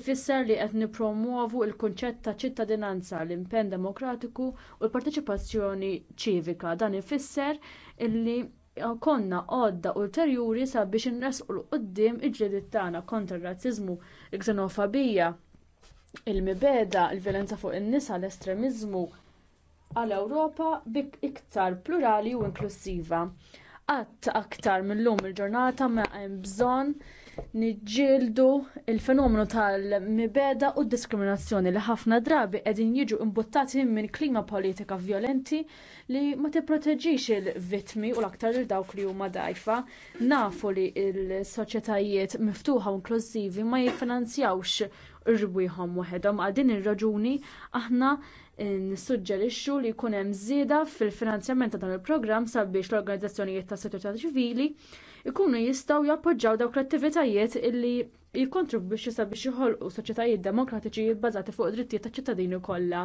Ifisser li qed nipromuovu l-kunċett ta' ċittadinanza, l-impenn demokratiku u l-parteċipazzjoni ċivika. Dan ifisser illi konna għodda ulterjuri sabiex inresqu l-qoddim iġredittana tagħna kontra r razzizmu l-ksenofobija, il-mibeda, il-violenza fuq in-nisa, l-estremiżmu għal Ewropa bik iktar plurali u inklusiva. Qatt aktar lum il-ġurnata ma hemm bżonn niġġieldu l fenomenu tal-mibeda u d diskriminazzjoni li ħafna drabi qegħdin jiġu imbuttati minn klima politika vjolenti li ma tipproteġix il-vittmi u l-aktar il dawk li huma dgħajfa. Nafu li l soċjetajiet miftuħa u inklużivi ma jiffinanzjawx irwihom waħedhom għal din ir-raġuni aħna eh, nissuġġerixxu li jkun hemm żieda fil-finanzjament ta' dan il-programm sabiex l-organizzazzjonijiet tas soċjetà ċivili jkunu jistgħu jappoġġjaw dawk l-attivitajiet illi jikkontribwixxu sabiex joħolqu soċjetajiet demokratiċi bbażati fuq id-drittijiet taċ-ċittadini kollha.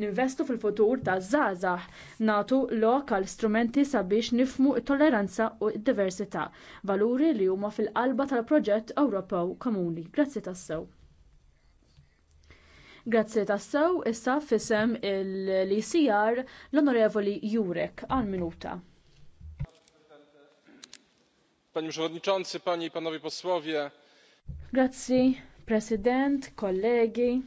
Ninvestu fil-futur taż-żgħażagħ nagħtu lok għal strumenti sabiex nifmu t-tolleranza u d-diversità, valuri li huma fil-qalba tal-proġett Ewropew Komuni. Grazzi tassew. Grazzi tassaw, issa fisem il-LCR l-Onorevoli Jurek għal minuta. Pani Przewodniczący, Pani i Panowie Posłowie. Grazzi, President, kollegi.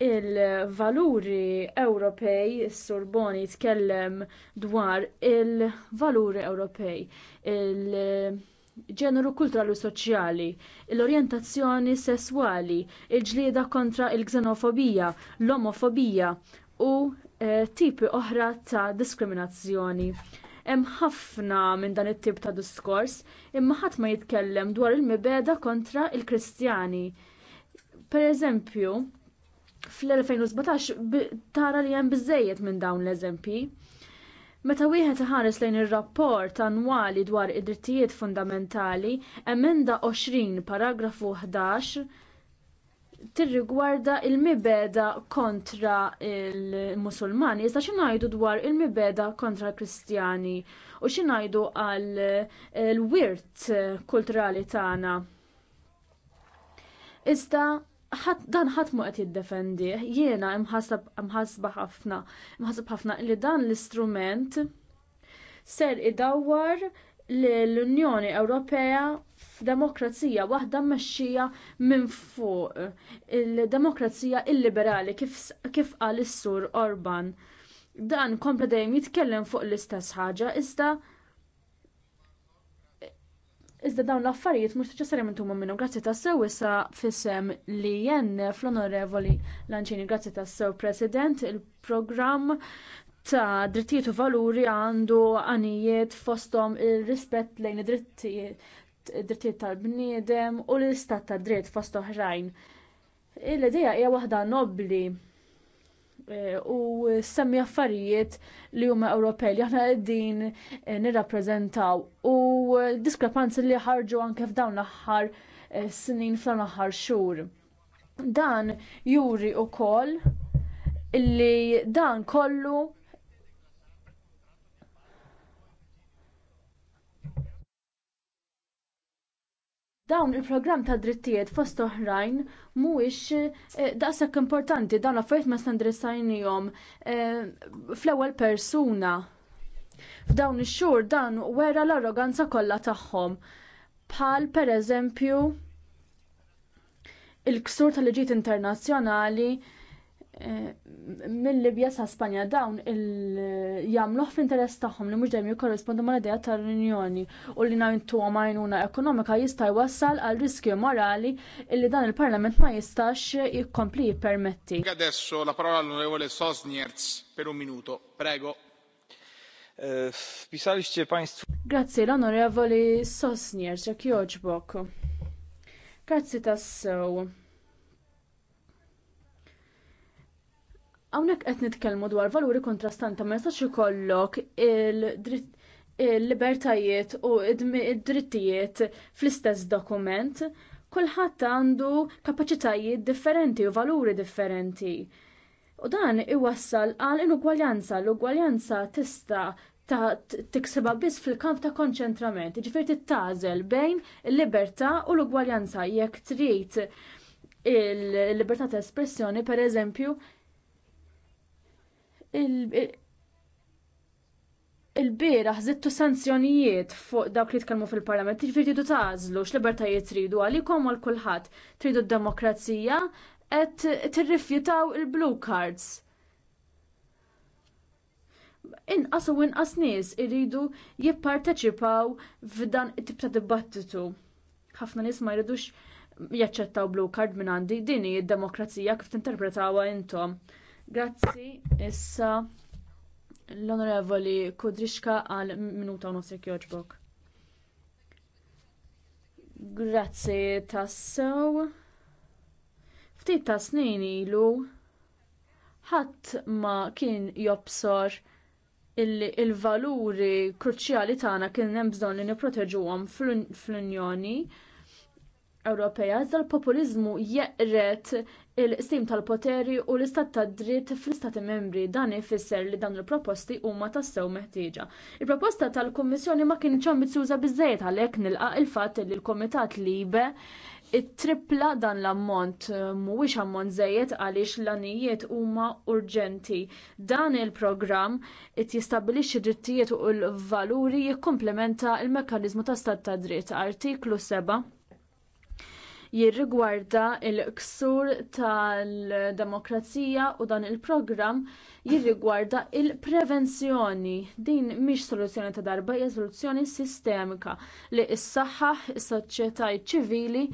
Il-valuri Ewropej, Sorboni tkellem dwar il-valuri Ewropej. Il-, -valuri Europej, ġeneru kulturali u soċjali, l-orjentazzjoni sesswali, il-ġlieda kontra l xenofobija l-omofobija u e, tipi oħra ta' diskriminazzjoni. Hemm ħafna minn dan it-tip ta' diskors, imma ħadd ma jitkellem dwar il-mibeda kontra l kristjani Pereżempju, fl-2017 tara li hemm biżżejjed minn dawn l-eżempji Meta wieħed iħares lejn ir-rapport annwali dwar id-drittijiet fundamentali, emenda 20 paragrafu 11 tirrigwarda il-mibeda kontra il-Musulmani, iżda xinajdu dwar il-mibeda kontra l-Kristjani u xinajdu għal eh, l-wirt kulturali tagħna. Iżda ħat dan ħadd mu qed jiddefendi, jiena imħasba ħafna, imħasba ħafna li dan l-istrument ser idawwar l-Unjoni Ewropea f'demokrazija waħda mmexxija minn fuq il-demokrazija illiberali kif qal is-sur Orban. Dan kompla dejjem jitkellem fuq l-istess ħaġa iżda Iżda dawn l-affarijiet mhux neċessarjament huma minnhom. Grazzi tas-sew issa fissem li jen fl-onorevoli Lanċini. Grazzi tas-sew President il-programm ta' drittijiet u valuri għandu għanijiet fosthom il rispett lejn id-drittijiet tal-bniedem u l-istat tad dritt fost oħrajn. Il-idea hija waħda nobbli u semmi affarijiet li huma Ewropej li aħna qegħdin eh, nirrappreżentaw u diskrepanzi li ħarġu anke f'dawn l-aħħar eh, snin fl aħħar xhur. Dan juri wkoll illi dan kollu dawn il-programm ta' drittijiet fost oħrajn mhuwiex eh, daqshekk importanti dawn l-affarijiet ma standrissajnihom eh, fl-ewwel persuna. F'dawn ix-xhur dan wera l-arroganza kollha tagħhom. Bħal pereżempju il-ksur tal-liġijiet internazzjonali Eh, mill-Libja sa' Spanja dawn il-jamluħ fl-interess tagħhom li mhux dejjem jikkorrispondu mal idea tal-Unjoni u li ngħintu għajnuna ekonomika jista' jwassal għal riskju morali illi dan il-Parlament ma jistax jikkompli jippermetti. Adesso la parola all'onorevole Sosnierz per un minuto. Prego. Eh, państwo. Grazzi l-onorevoli Sosnierz, jak joġbok. Grazzi tassew. Hawnhekk qed nitkellmu dwar valuri kontrastanta ma jistax ikollok il-libertajiet u id-drittijiet fl-istess dokument. Kulħadd għandu kapaċitajiet differenti u valuri differenti. U dan iwassal għal inugwaljanza, l-ugwaljanza tista' ta' tiksiba biss fil-kamp ta' konċentrament, ġifir tittażel bejn il-libertà u l-ugwaljanza jekk trid il-libertà ta' espressjoni, per eżempju, il-bieraħ zittu sanzjonijiet fuq dawk li tkellmu fil-Parlament, jiġifieri tridu tażlu x'libertajiet tridu għalikom għal kulħadd, tridu d-demokrazija qed tirrifjutaw il-blue cards. Inqas u inqas nies iridu jipparteċipaw f'dan it-tip ta' dibattitu. Ħafna nies ma jridux jaċċettaw blue card minn għandi din hi d-demokrazija kif tinterpretawha intom. Grazzi, issa l-Onorevoli Kudrixka għal minuta u nofsi joġbok. Grazzi tassew. Ftit ta' snin ilu ħadd ma kien jobsor il-valuri kruċjali tagħna kien hemm bżonn li nipproteġuhom fl-Unjoni Ewropea iżda l-populiżmu jeqret il-qsim tal-poteri u l-istat tad dritt fl-istati membri dan ifisser li dawn il-proposti huma tassew meħtieġa. Il-proposta tal-Kummissjoni ma kienx ambizjuża biżżejjed għalhekk nilqa' il-fatt li l-Kumitat Libe it-tripla dan l-ammont mhuwiex ammont żejjed għaliex l-anijiet huma urġenti. Dan il-programm qed jistabbilixxi drittijiet u l-valuri jikkumplementa l-mekkaniżmu ta' stat ta' dritt artiklu 7 jirrigwarda il-ksur tal-demokrazija u dan il-programm jirrigwarda il-prevenzjoni. Din mhix soluzzjoni ta' darba, hija soluzzjoni sistemika li s saħħa is-soċjetà ċivili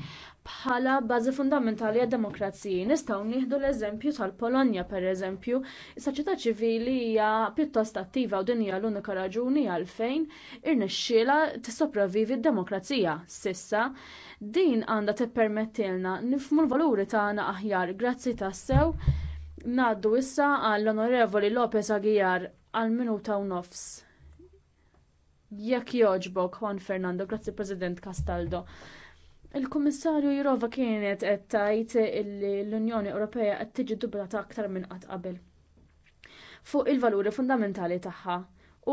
bħala bażi fundamentali għad-demokrazija. Nistgħu nieħdu l-eżempju tal-Polonja pereżempju, is-soċjetà ċivili hija pjuttost attiva u din hija l-unika raġuni għalfejn irnexxiela tissopravivi d-demokrazija. Sissa, din għandha tippermettilna nifhmu l-valuri tagħna aħjar grazzi tassew. Ngħaddu issa għall-Onorevoli Lopez Aguilar għal minuta u nofs. Jekk jogħġbok, Juan Fernando, grazzi President Castaldo. Il-Kummissarju Jirova kienet qed tgħid li l-Unjoni Ewropea qed tiġi dubrata aktar minn qatt qabel fuq il-valuri fundamentali tagħha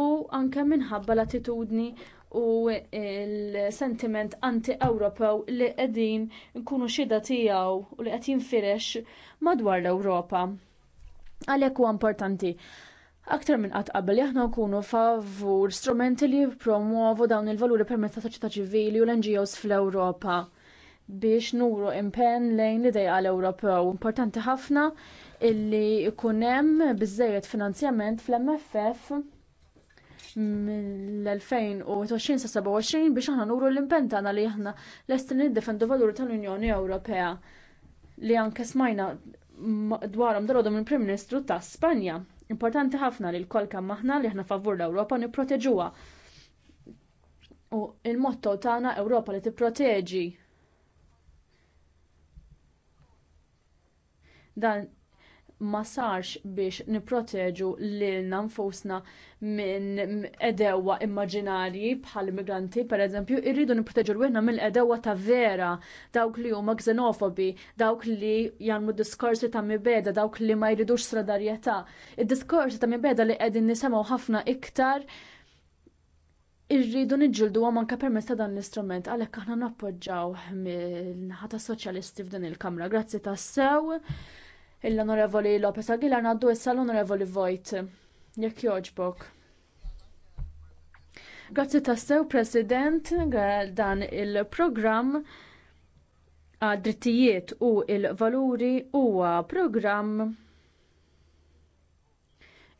u anke minħabba l-attitudni u l-sentiment anti-Ewropew li qegħdin nkunu xhieda tiegħu u li qed jinfirex madwar l-Ewropa. Għalhekk huwa importanti Aktar minn qatt qabel aħna nkunu favur strumenti li jippromuovu dawn il-valuri permezz ta' soċjetà ċivili u l-NGOs fl-Ewropa biex nuru impenn lejn l idejqa l-Ewropew. Importanti ħafna illi jkun hemm biżejjed finanzjament fl-MFF mill-2020 sa biex aħna nuru l-impenn tagħna li aħna lesti niddefendu valuri tal-Unjoni Ewropea li anke smajna dwarhom darodhom il prim Ministru ta' Spanja. Importanti ħafna li l koll kam maħna li aħna favur l-Ewropa nipproteġuha. U il-motto tagħna Ewropa li tipproteġi. Dan ma sarx biex nipproteġu lilna nfusna minn edewwa immaġinarji bħal per pereżempju irridu nipproteġu lilna mill-edewwa ta' vera dawk li huma xenofobi, dawk li jagħmlu diskorsi ta' mibeda, dawk li ma jridux solidarjetà. Id-diskorsi ta' mibeda li qegħdin nisimgħu ħafna iktar irridu niġġildu għom anka permess ta' dan l-istrument għalhekk aħna nappoġġaw mill-ħata soċjalisti f'din il-Kamra. Grazzi tas sew il onorevoli Lopez Aguilar naddu issa l-Onorevoli Vojt. Jekk joġbok. Grazzi tassew, President, dan il-programm għad-drittijiet u l valuri huwa programm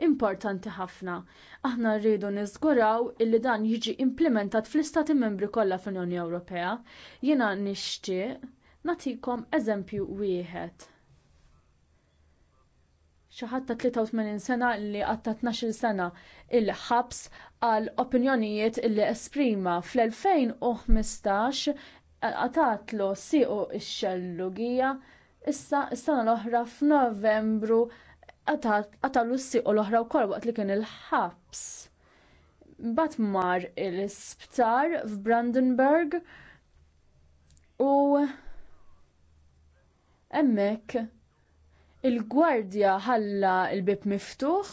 importanti ħafna. Aħna rridu niżguraw illi dan jiġi implementat fl-istati membri kollha fl-Unjoni Ewropea. Jiena nixtieq nagħtikom eżempju wieħed xi ħadd ta' 83 sena li għad ta' 12 sena il-ħabs għal opinjonijiet li esprima fl-2015 għatatlu eh, siqu x-xellugija issa s-sena l-oħra f'Novembru għatallu s-siqu l-oħra kol waqt li kien il-ħabs. Bat mar il sbtar f'Brandenburg u emmek il-gwardja ħalla l-bib miftuħ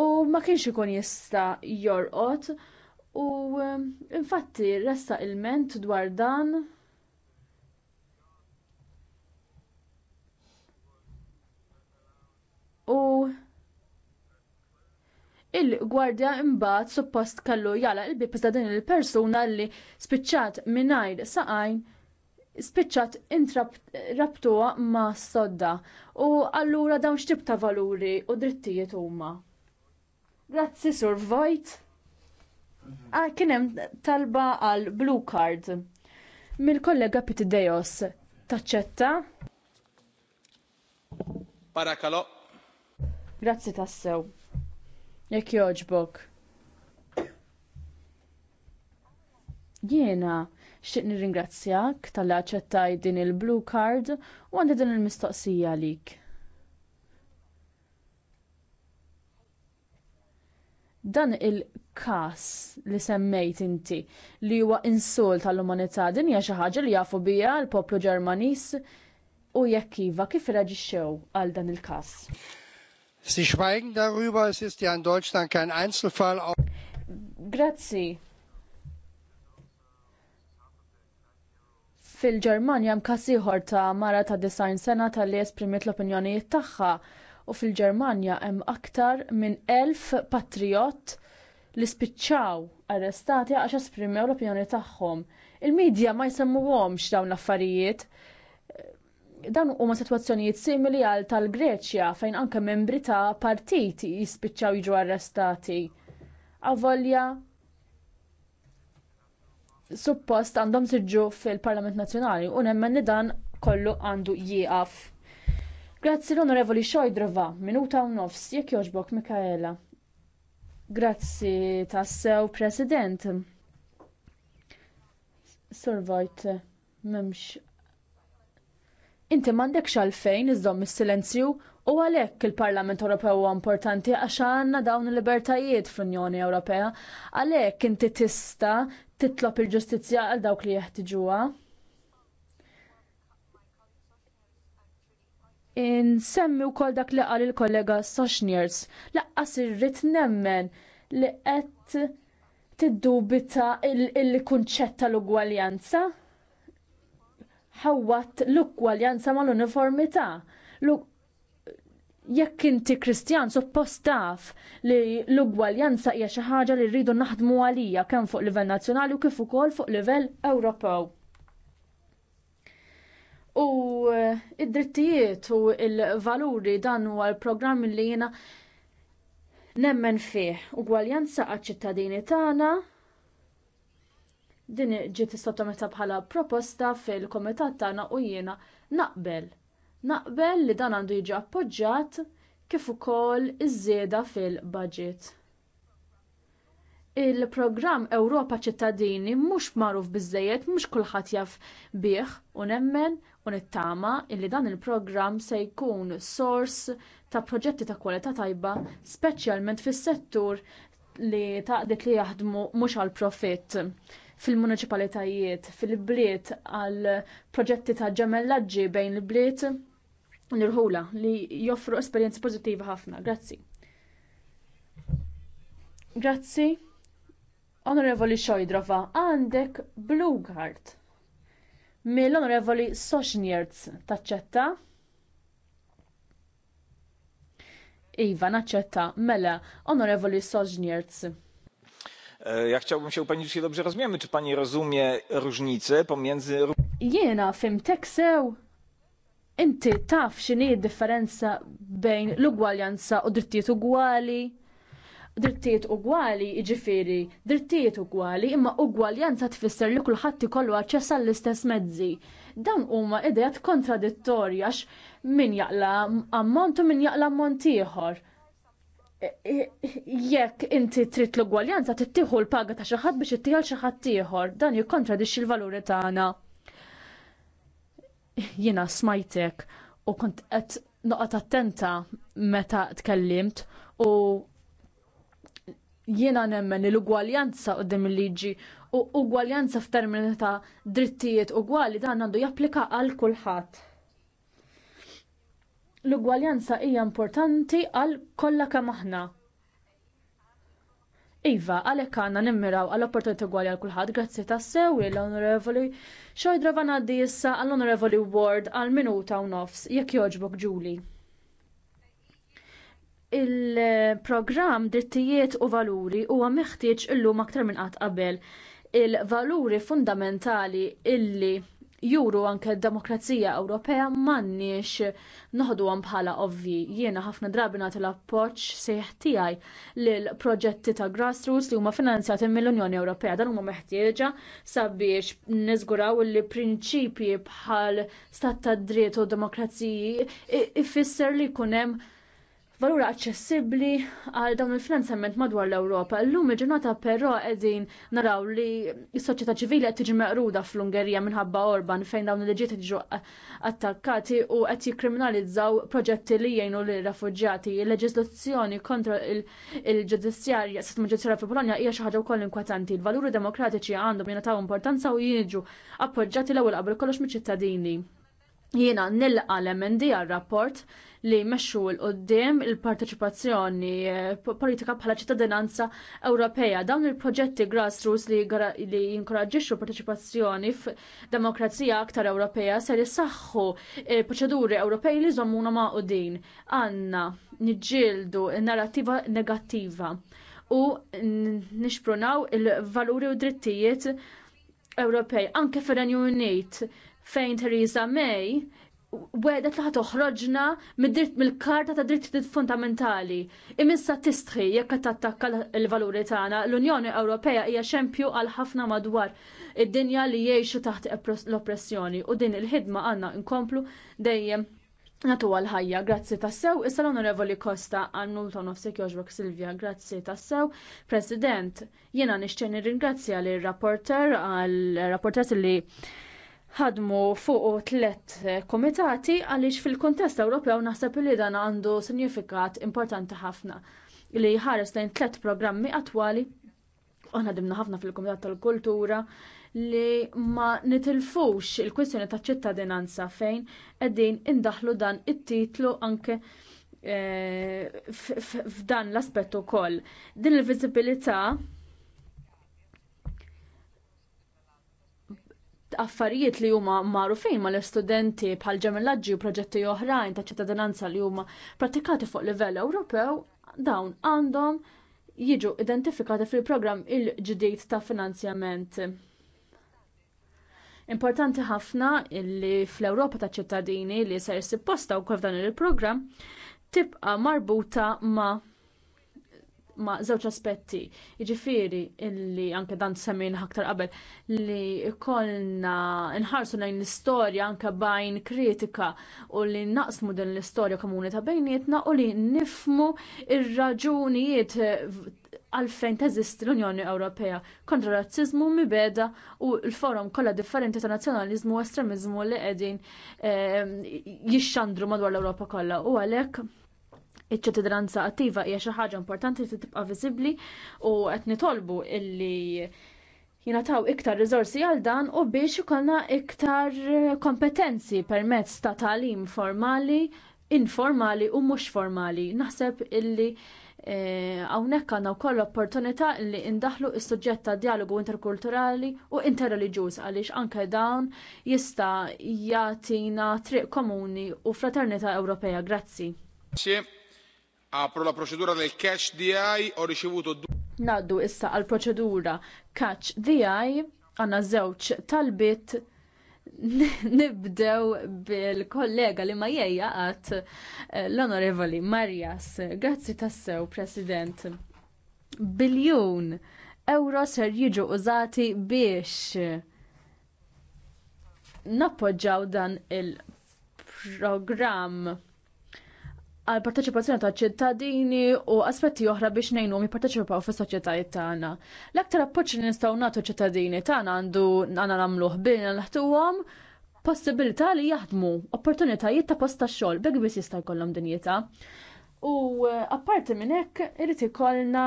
u ma kienx ikun jista jorqod u um, infatti resta il-ment dwar dan u il-gwardja imbagħad suppost kellu jala il-bib iżda din il-persuna li spiċċat mingħajr saqajn spiċċat intrabtuha ma' sodda u allura dawn x'tib ta' valuri u drittijiet huma. Grazzi Sur Vojt. Ah, kien hemm talba għal Blue Card mill-kollega Pitidejos. Taċċetta? Parakalo. Grazzi tassew. Jekk jogħġbok. Jiena Xtieq nirringrazzjak tal-li aċċettaj din il-blue card u għandi din il-mistoqsija għalik. Dan il-kas li semmejt inti li huwa insult tal-umanità din hija xi ħaġa li jafu biha l-poplu Ġermaniż u jekk iva kif irreġixxew għal dan il-każ. Sie schweigen darüber, es ist ja in Deutschland kein Einzelfall. Grazzi Fil-Ġermanja hemm każ ieħor ta' mara ta' 90 sena talli esprimiet l-opinjonijiet tagħha u fil-Ġermanja hemm aktar minn elf patriot li spiċċaw arrestati għax esprimew l-opinjoni tagħhom. Il-medja ma jsemmuhomx dawn l-affarijiet dan huma sitwazzjonijiet simili għal tal-Greċja fejn anke membri ta' partit jispiċċaw jiġu arrestati. Avolja suppost għandhom siġġu fil-Parlament Nazzjonali u nemmen li dan kollu għandu jieqaf. Grazzi l-Onorevoli Xojdrova, minuta u nofs, jekk joġbok Mikaela. Grazzi tassew President. Survajt, memx. Inti mandek xalfejn iżdom is-silenzju u għalhekk il-Parlament Ewropew huwa importanti għax għandna dawn il-libertajiet fl-Unjoni Ewropea, għalhekk inti tista' titlob il-ġustizzja għal dawk li jeħtiġuha. Insemmi wkoll dak li qal il-kollega Soshniers, laqqas irrid nemmen li qed tiddubita il-kunċett tal-ugwaljanza ħawwat l-ugwaljanza mal-uniformità jekk inti Kristjan suppost taf li l-ugwaljanza hija xi ħaġa li rridu naħdmu għalija kemm fuq livell nazzjonali u kif ukoll fuq livell Ewropew. U eh, id-drittijiet u l-valuri dan huwa l-programm li jiena nemmen fih ugwaljanza għaċ-ċittadini tagħna din ġiet sottomessa bħala proposta fil-komitat tagħna u jiena naqbel Naqbel li dan għandu jiġi appoġġjat kif ukoll iż-żieda fil-budget. Il-programm Ewropa ċittadini mhux magħruf biżżejjed mhux kulħadd jaf bih u nemmen u nittama li dan il-programm se jkun sors ta' proġetti ta' kwalità tajba, speċjalment fis-settur li taqdiet li jaħdmu mhux għal profitt fil-municipalitajiet, fil-bliet għal proġetti ta' ġemellaġġi bejn il-bliet Nirħula li joffru esperjenzi pożittiva ħafna. Grazzi. Grazzi. Onorevoli Xojdrova, għandek Blue Card. Mill-Onorevoli Soxnierz, taċċetta? Iva, naċċetta, mela, Onorevoli Soxnierz. E, ja chciałbym się upewnić, czy dobrze rozumiemy, czy pani rozumie różnicę pomiędzy... Jena, fim tekseł, Inti taf x'inhi d-differenza bejn l-ugwaljanza u drittijiet ugwali? Drittijiet ugwali jiġifieri drittijiet ugwali imma ugwaljanza tfisser li kulħadd ikollu aċċess għall-istess mezzi. Dawn huma ideat kontradittorja x min jaqla ammont u min jaqla ammont ieħor. E, e, jekk inti trid l-ugwaljanza tittieħu l-paga ta' xi ħadd biex ittieħel xi ħadd ieħor, dan jikkontradixxi l-valuri tagħna jiena smajtek u kont qed noqgħod attenta meta tkellimt u jiena nemmen l-ugwaljanza qudiem il-liġi u ugwaljanza f'termini ta' drittijiet ugwali dan għandu japplika għal kulħadd. L-ugwaljanza hija importanti għal kollha kemm aħna Iva, għalhekk għanna nimmiraw għall-opportunità gwali għal kulħadd grazzi tassew l-Onorevoli Xojdra għaddi issa għall-Onorevoli Ward għal minuta u nofs jekk jogħġbok Ġuli. Il-programm drittijiet u valuri huwa meħtieġ illum aktar minn qatt qabel il-valuri fundamentali illi juru anke d-demokrazija Ewropea m'għandniex noħduhom bħala ovvi. Jiena ħafna drabi nagħti l-appoġġ sejħ tiegħi lil proġetti ta' grassroots li huma finanzjati mill-Unjoni Ewropea dan huma meħtieġa sabiex niżguraw li prinċipji bħal stat ta' dritt u demokraziji ifisser li jkun hemm valura aċċessibbli għal dawn il-finanzjament madwar l-Ewropa. Llum il-ġurnata però qegħdin naraw li s-soċjetà ċivili qed tiġi meqruda fl-Ungerija minħabba Orban fejn dawn il-ġiet jiġu attakkati u qed jikkriminalizzaw proġetti li jgħinu lir refuġjati. Il-leġislazzjoni kontra il-ġudizzjarja, sistema ġudizzjarja fi polonja hija xi ħaġa wkoll inkwetanti. Il-valuri demokratiċi għandhom jingħataw importanza u jiġu appoġġjati l-ewwel qabel kollox miċ-ċittadini jiena nilqa l-emendi għal rapport li jmexxu l qoddim il-parteċipazzjoni eh, politika bħala ċittadinanza Ewropea. Dawn il-proġetti grassroots li, li jinkoraġġixxu parteċipazzjoni f'demokrazija aktar Ewropea ser jissaħħu eh, proċeduri Ewropej li żommuna ma' qudin. Għandna niġġieldu narrattiva negattiva u nixprunaw il-valuri u drittijiet Ewropej, anke fir-Renju Unit fejn Theresa May wedet li toħroġna mill-karta ta' Dritti fundamentali. Imissa tistħi jekk qed tattakka l-valuri tagħna, l-Unjoni Ewropea hija xempju għal ħafna madwar id-dinja li jgħixu taħt l-oppressjoni u din il-ħidma għandna nkomplu dejjem Natu għal-ħajja, grazzi tassew, issa l-onorevoli Kosta għannu ton of Sekjoġbok Silvia, grazzi tassew, President, jena nisċeni ringrazzja li rapporter għal rapporter li ħadmu fuq tliet komitati għaliex fil-kontest Ewropew naħseb li dan għandu sinifikat importanti ħafna li ħares lejn tliet programmi attwali aħna dimna ħafna fil-Kumitat tal-Kultura li ma nitilfux il-kwistjoni ta' ċittadinanza fejn qegħdin indaħlu dan it-titlu anke eh, f'dan l-aspett ukoll. Din il-viżibilità affarijiet li huma magħrufin mal istudenti bħal ġemellaġġi u proġetti oħrajn ta' ċittadinanza li huma pratikati fuq livell Ewropew dawn għandhom jiġu identifikati fil-programm il-ġdid ta' finanzjament. Importanti ħafna li fl-Ewropa ta' ċittadini li ser sipposta wkoll dan il-programm tibqa' marbuta ma' ma' żewġ aspetti. Jiġifieri illi anke dan semmin aktar qabel li kollna nħarsu lejn l-istorja anke bajn kritika u li naqsmu din l-istorja komuni ta' bejnietna u li nifmu ir-raġunijiet għalfejn teżisti l-Unjoni Ewropea kontra razzizmu mibeda u l-forum kollha differenti ta' nazjonalizmu u estremiżmu li qegħdin eh, jixxandru madwar l-Ewropa kollha u għalhekk iċ-ċittadinanza attiva hija xi ħaġa importanti li tibqa' viżibbli u qed nitolbu illi jingħataw iktar riżorsi għal dan u biex ikollna iktar kompetenzi permezz ta' tagħlim formali, informali u mhux formali. Naħseb illi e, hawnhekk għandna wkoll opportunità li indaħlu s-suġġett ta' dialogu interkulturali u interreliġjuż għaliex anke dawn jista' jagħtina triq komuni u fraternità Ewropea. Grazzi. Apro la procedura del catch di DI, ho ricevuto due. Naddu issa għal proċedura catch di DI, għanna zewċ talbit nibdew bil-kollega li ma jgħja għat eh, l-onorevoli Marjas. Grazzi tassew, President. Biljun euro ser jiġu użati biex nappoġġaw dan il-programm għal parteċipazzjoni ta' ċittadini u aspetti oħra biex mi jipparteċipaw fis-soċjetajiet tagħna. L-aktar appoġġ li nistgħu nagħtu ċittadini tagħna għandu għandna nagħmluh bina naħtuhom possibilità li jaħdmu, opportunitajiet ta' posta xogħol bek biss jista' jkollhom dinjità. U eh, apparti minn hekk irid ikollna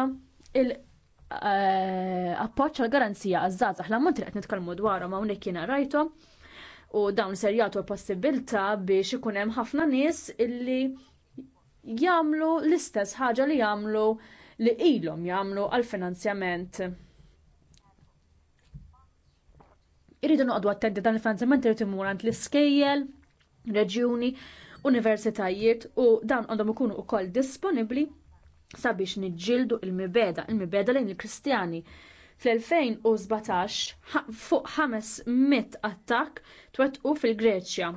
il- eh, appoċċa l-garanzija għazzazah l-ammonti li qed nitkellmu dwarhom hawnhekk jiena rajtom u dawn ser jagħtu l-possibilità biex ikun hemm ħafna nies illi jagħmlu l-istess ħaġa li jagħmlu li ilhom jagħmlu għall finanzjament Iridu noqogħdu attenti dan il-finanzjament irid imur għand l-iskejjel, reġjuni, universitajiet u dan għandhom ikunu wkoll disponibbli sabiex niġġieldu l mibeda il-mibeda lejn il-Kristjani fl-2017 fuq 500 attak twettqu fil-Greċja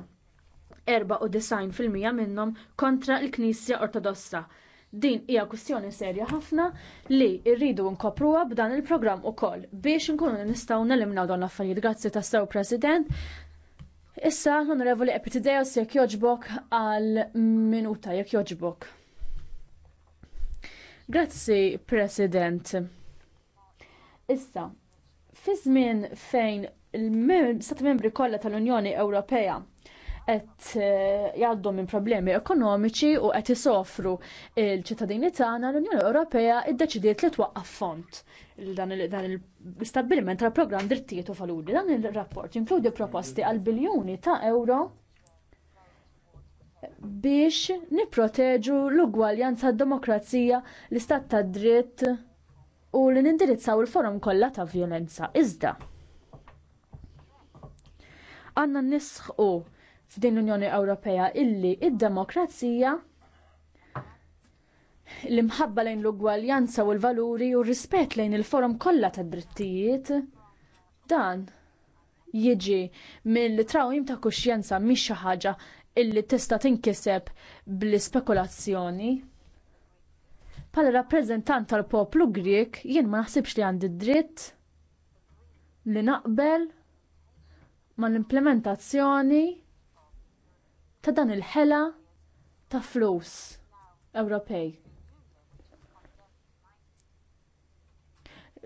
94% minnhom kontra l-Knisja Ortodossa. Din hija kwistjoni serja ħafna li rridu nkopruha b'dan il-programm ukoll biex inkunu nistgħu nelimnaw dawn l-affarijiet. Grazzi ta' sew President. Issa l-Onorevoli Epitideos jekk joġbok għal minuta jekk joġbok. Grazzi President. Issa, fi żmien fejn il membri kollha tal-Unjoni Ewropea qed eh, jgħaddu minn problemi ekonomiċi u qed isofru il-ċittadini tagħna l-Unjoni Ewropea iddeċidiet li twaqqaf fond dan l-istabbiliment tal-programm drittijiet u valuri. Dan il-rapport jinkludi proposti għal biljuni ta' euro biex nipproteġu l-ugwaljanza d-demokrazija, l-istat ta' dritt u li nindirizzaw il-forum kollha ta' violenza. Iżda, għanna nisħu f'din l-Unjoni Ewropea illi id-demokrazija l-imħabba lejn l-ugwaljanza u l-valuri u r-rispett lejn il-forum kollha tad-drittijiet dan jiġi mill-trawim ta' kuxjenza mhix xi ħaġa illi tista' tinkiseb bl-ispekulazzjoni. Pala rappreżentant tal-poplu Grieg jien ma naħsibx li għandi dritt li naqbel mal-implementazzjoni ta' dan il-ħela ta' flus Ewropej.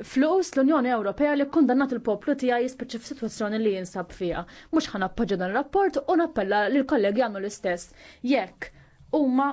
Flus l-Unjoni Ewropea li kundannat il-poplu jispeċi f f'sitwazzjoni li jinsab fiha. Mhux ħanappoġġa dan ir-rapport u nappella li l-kollegi jagħmlu l-istess. Jekk huma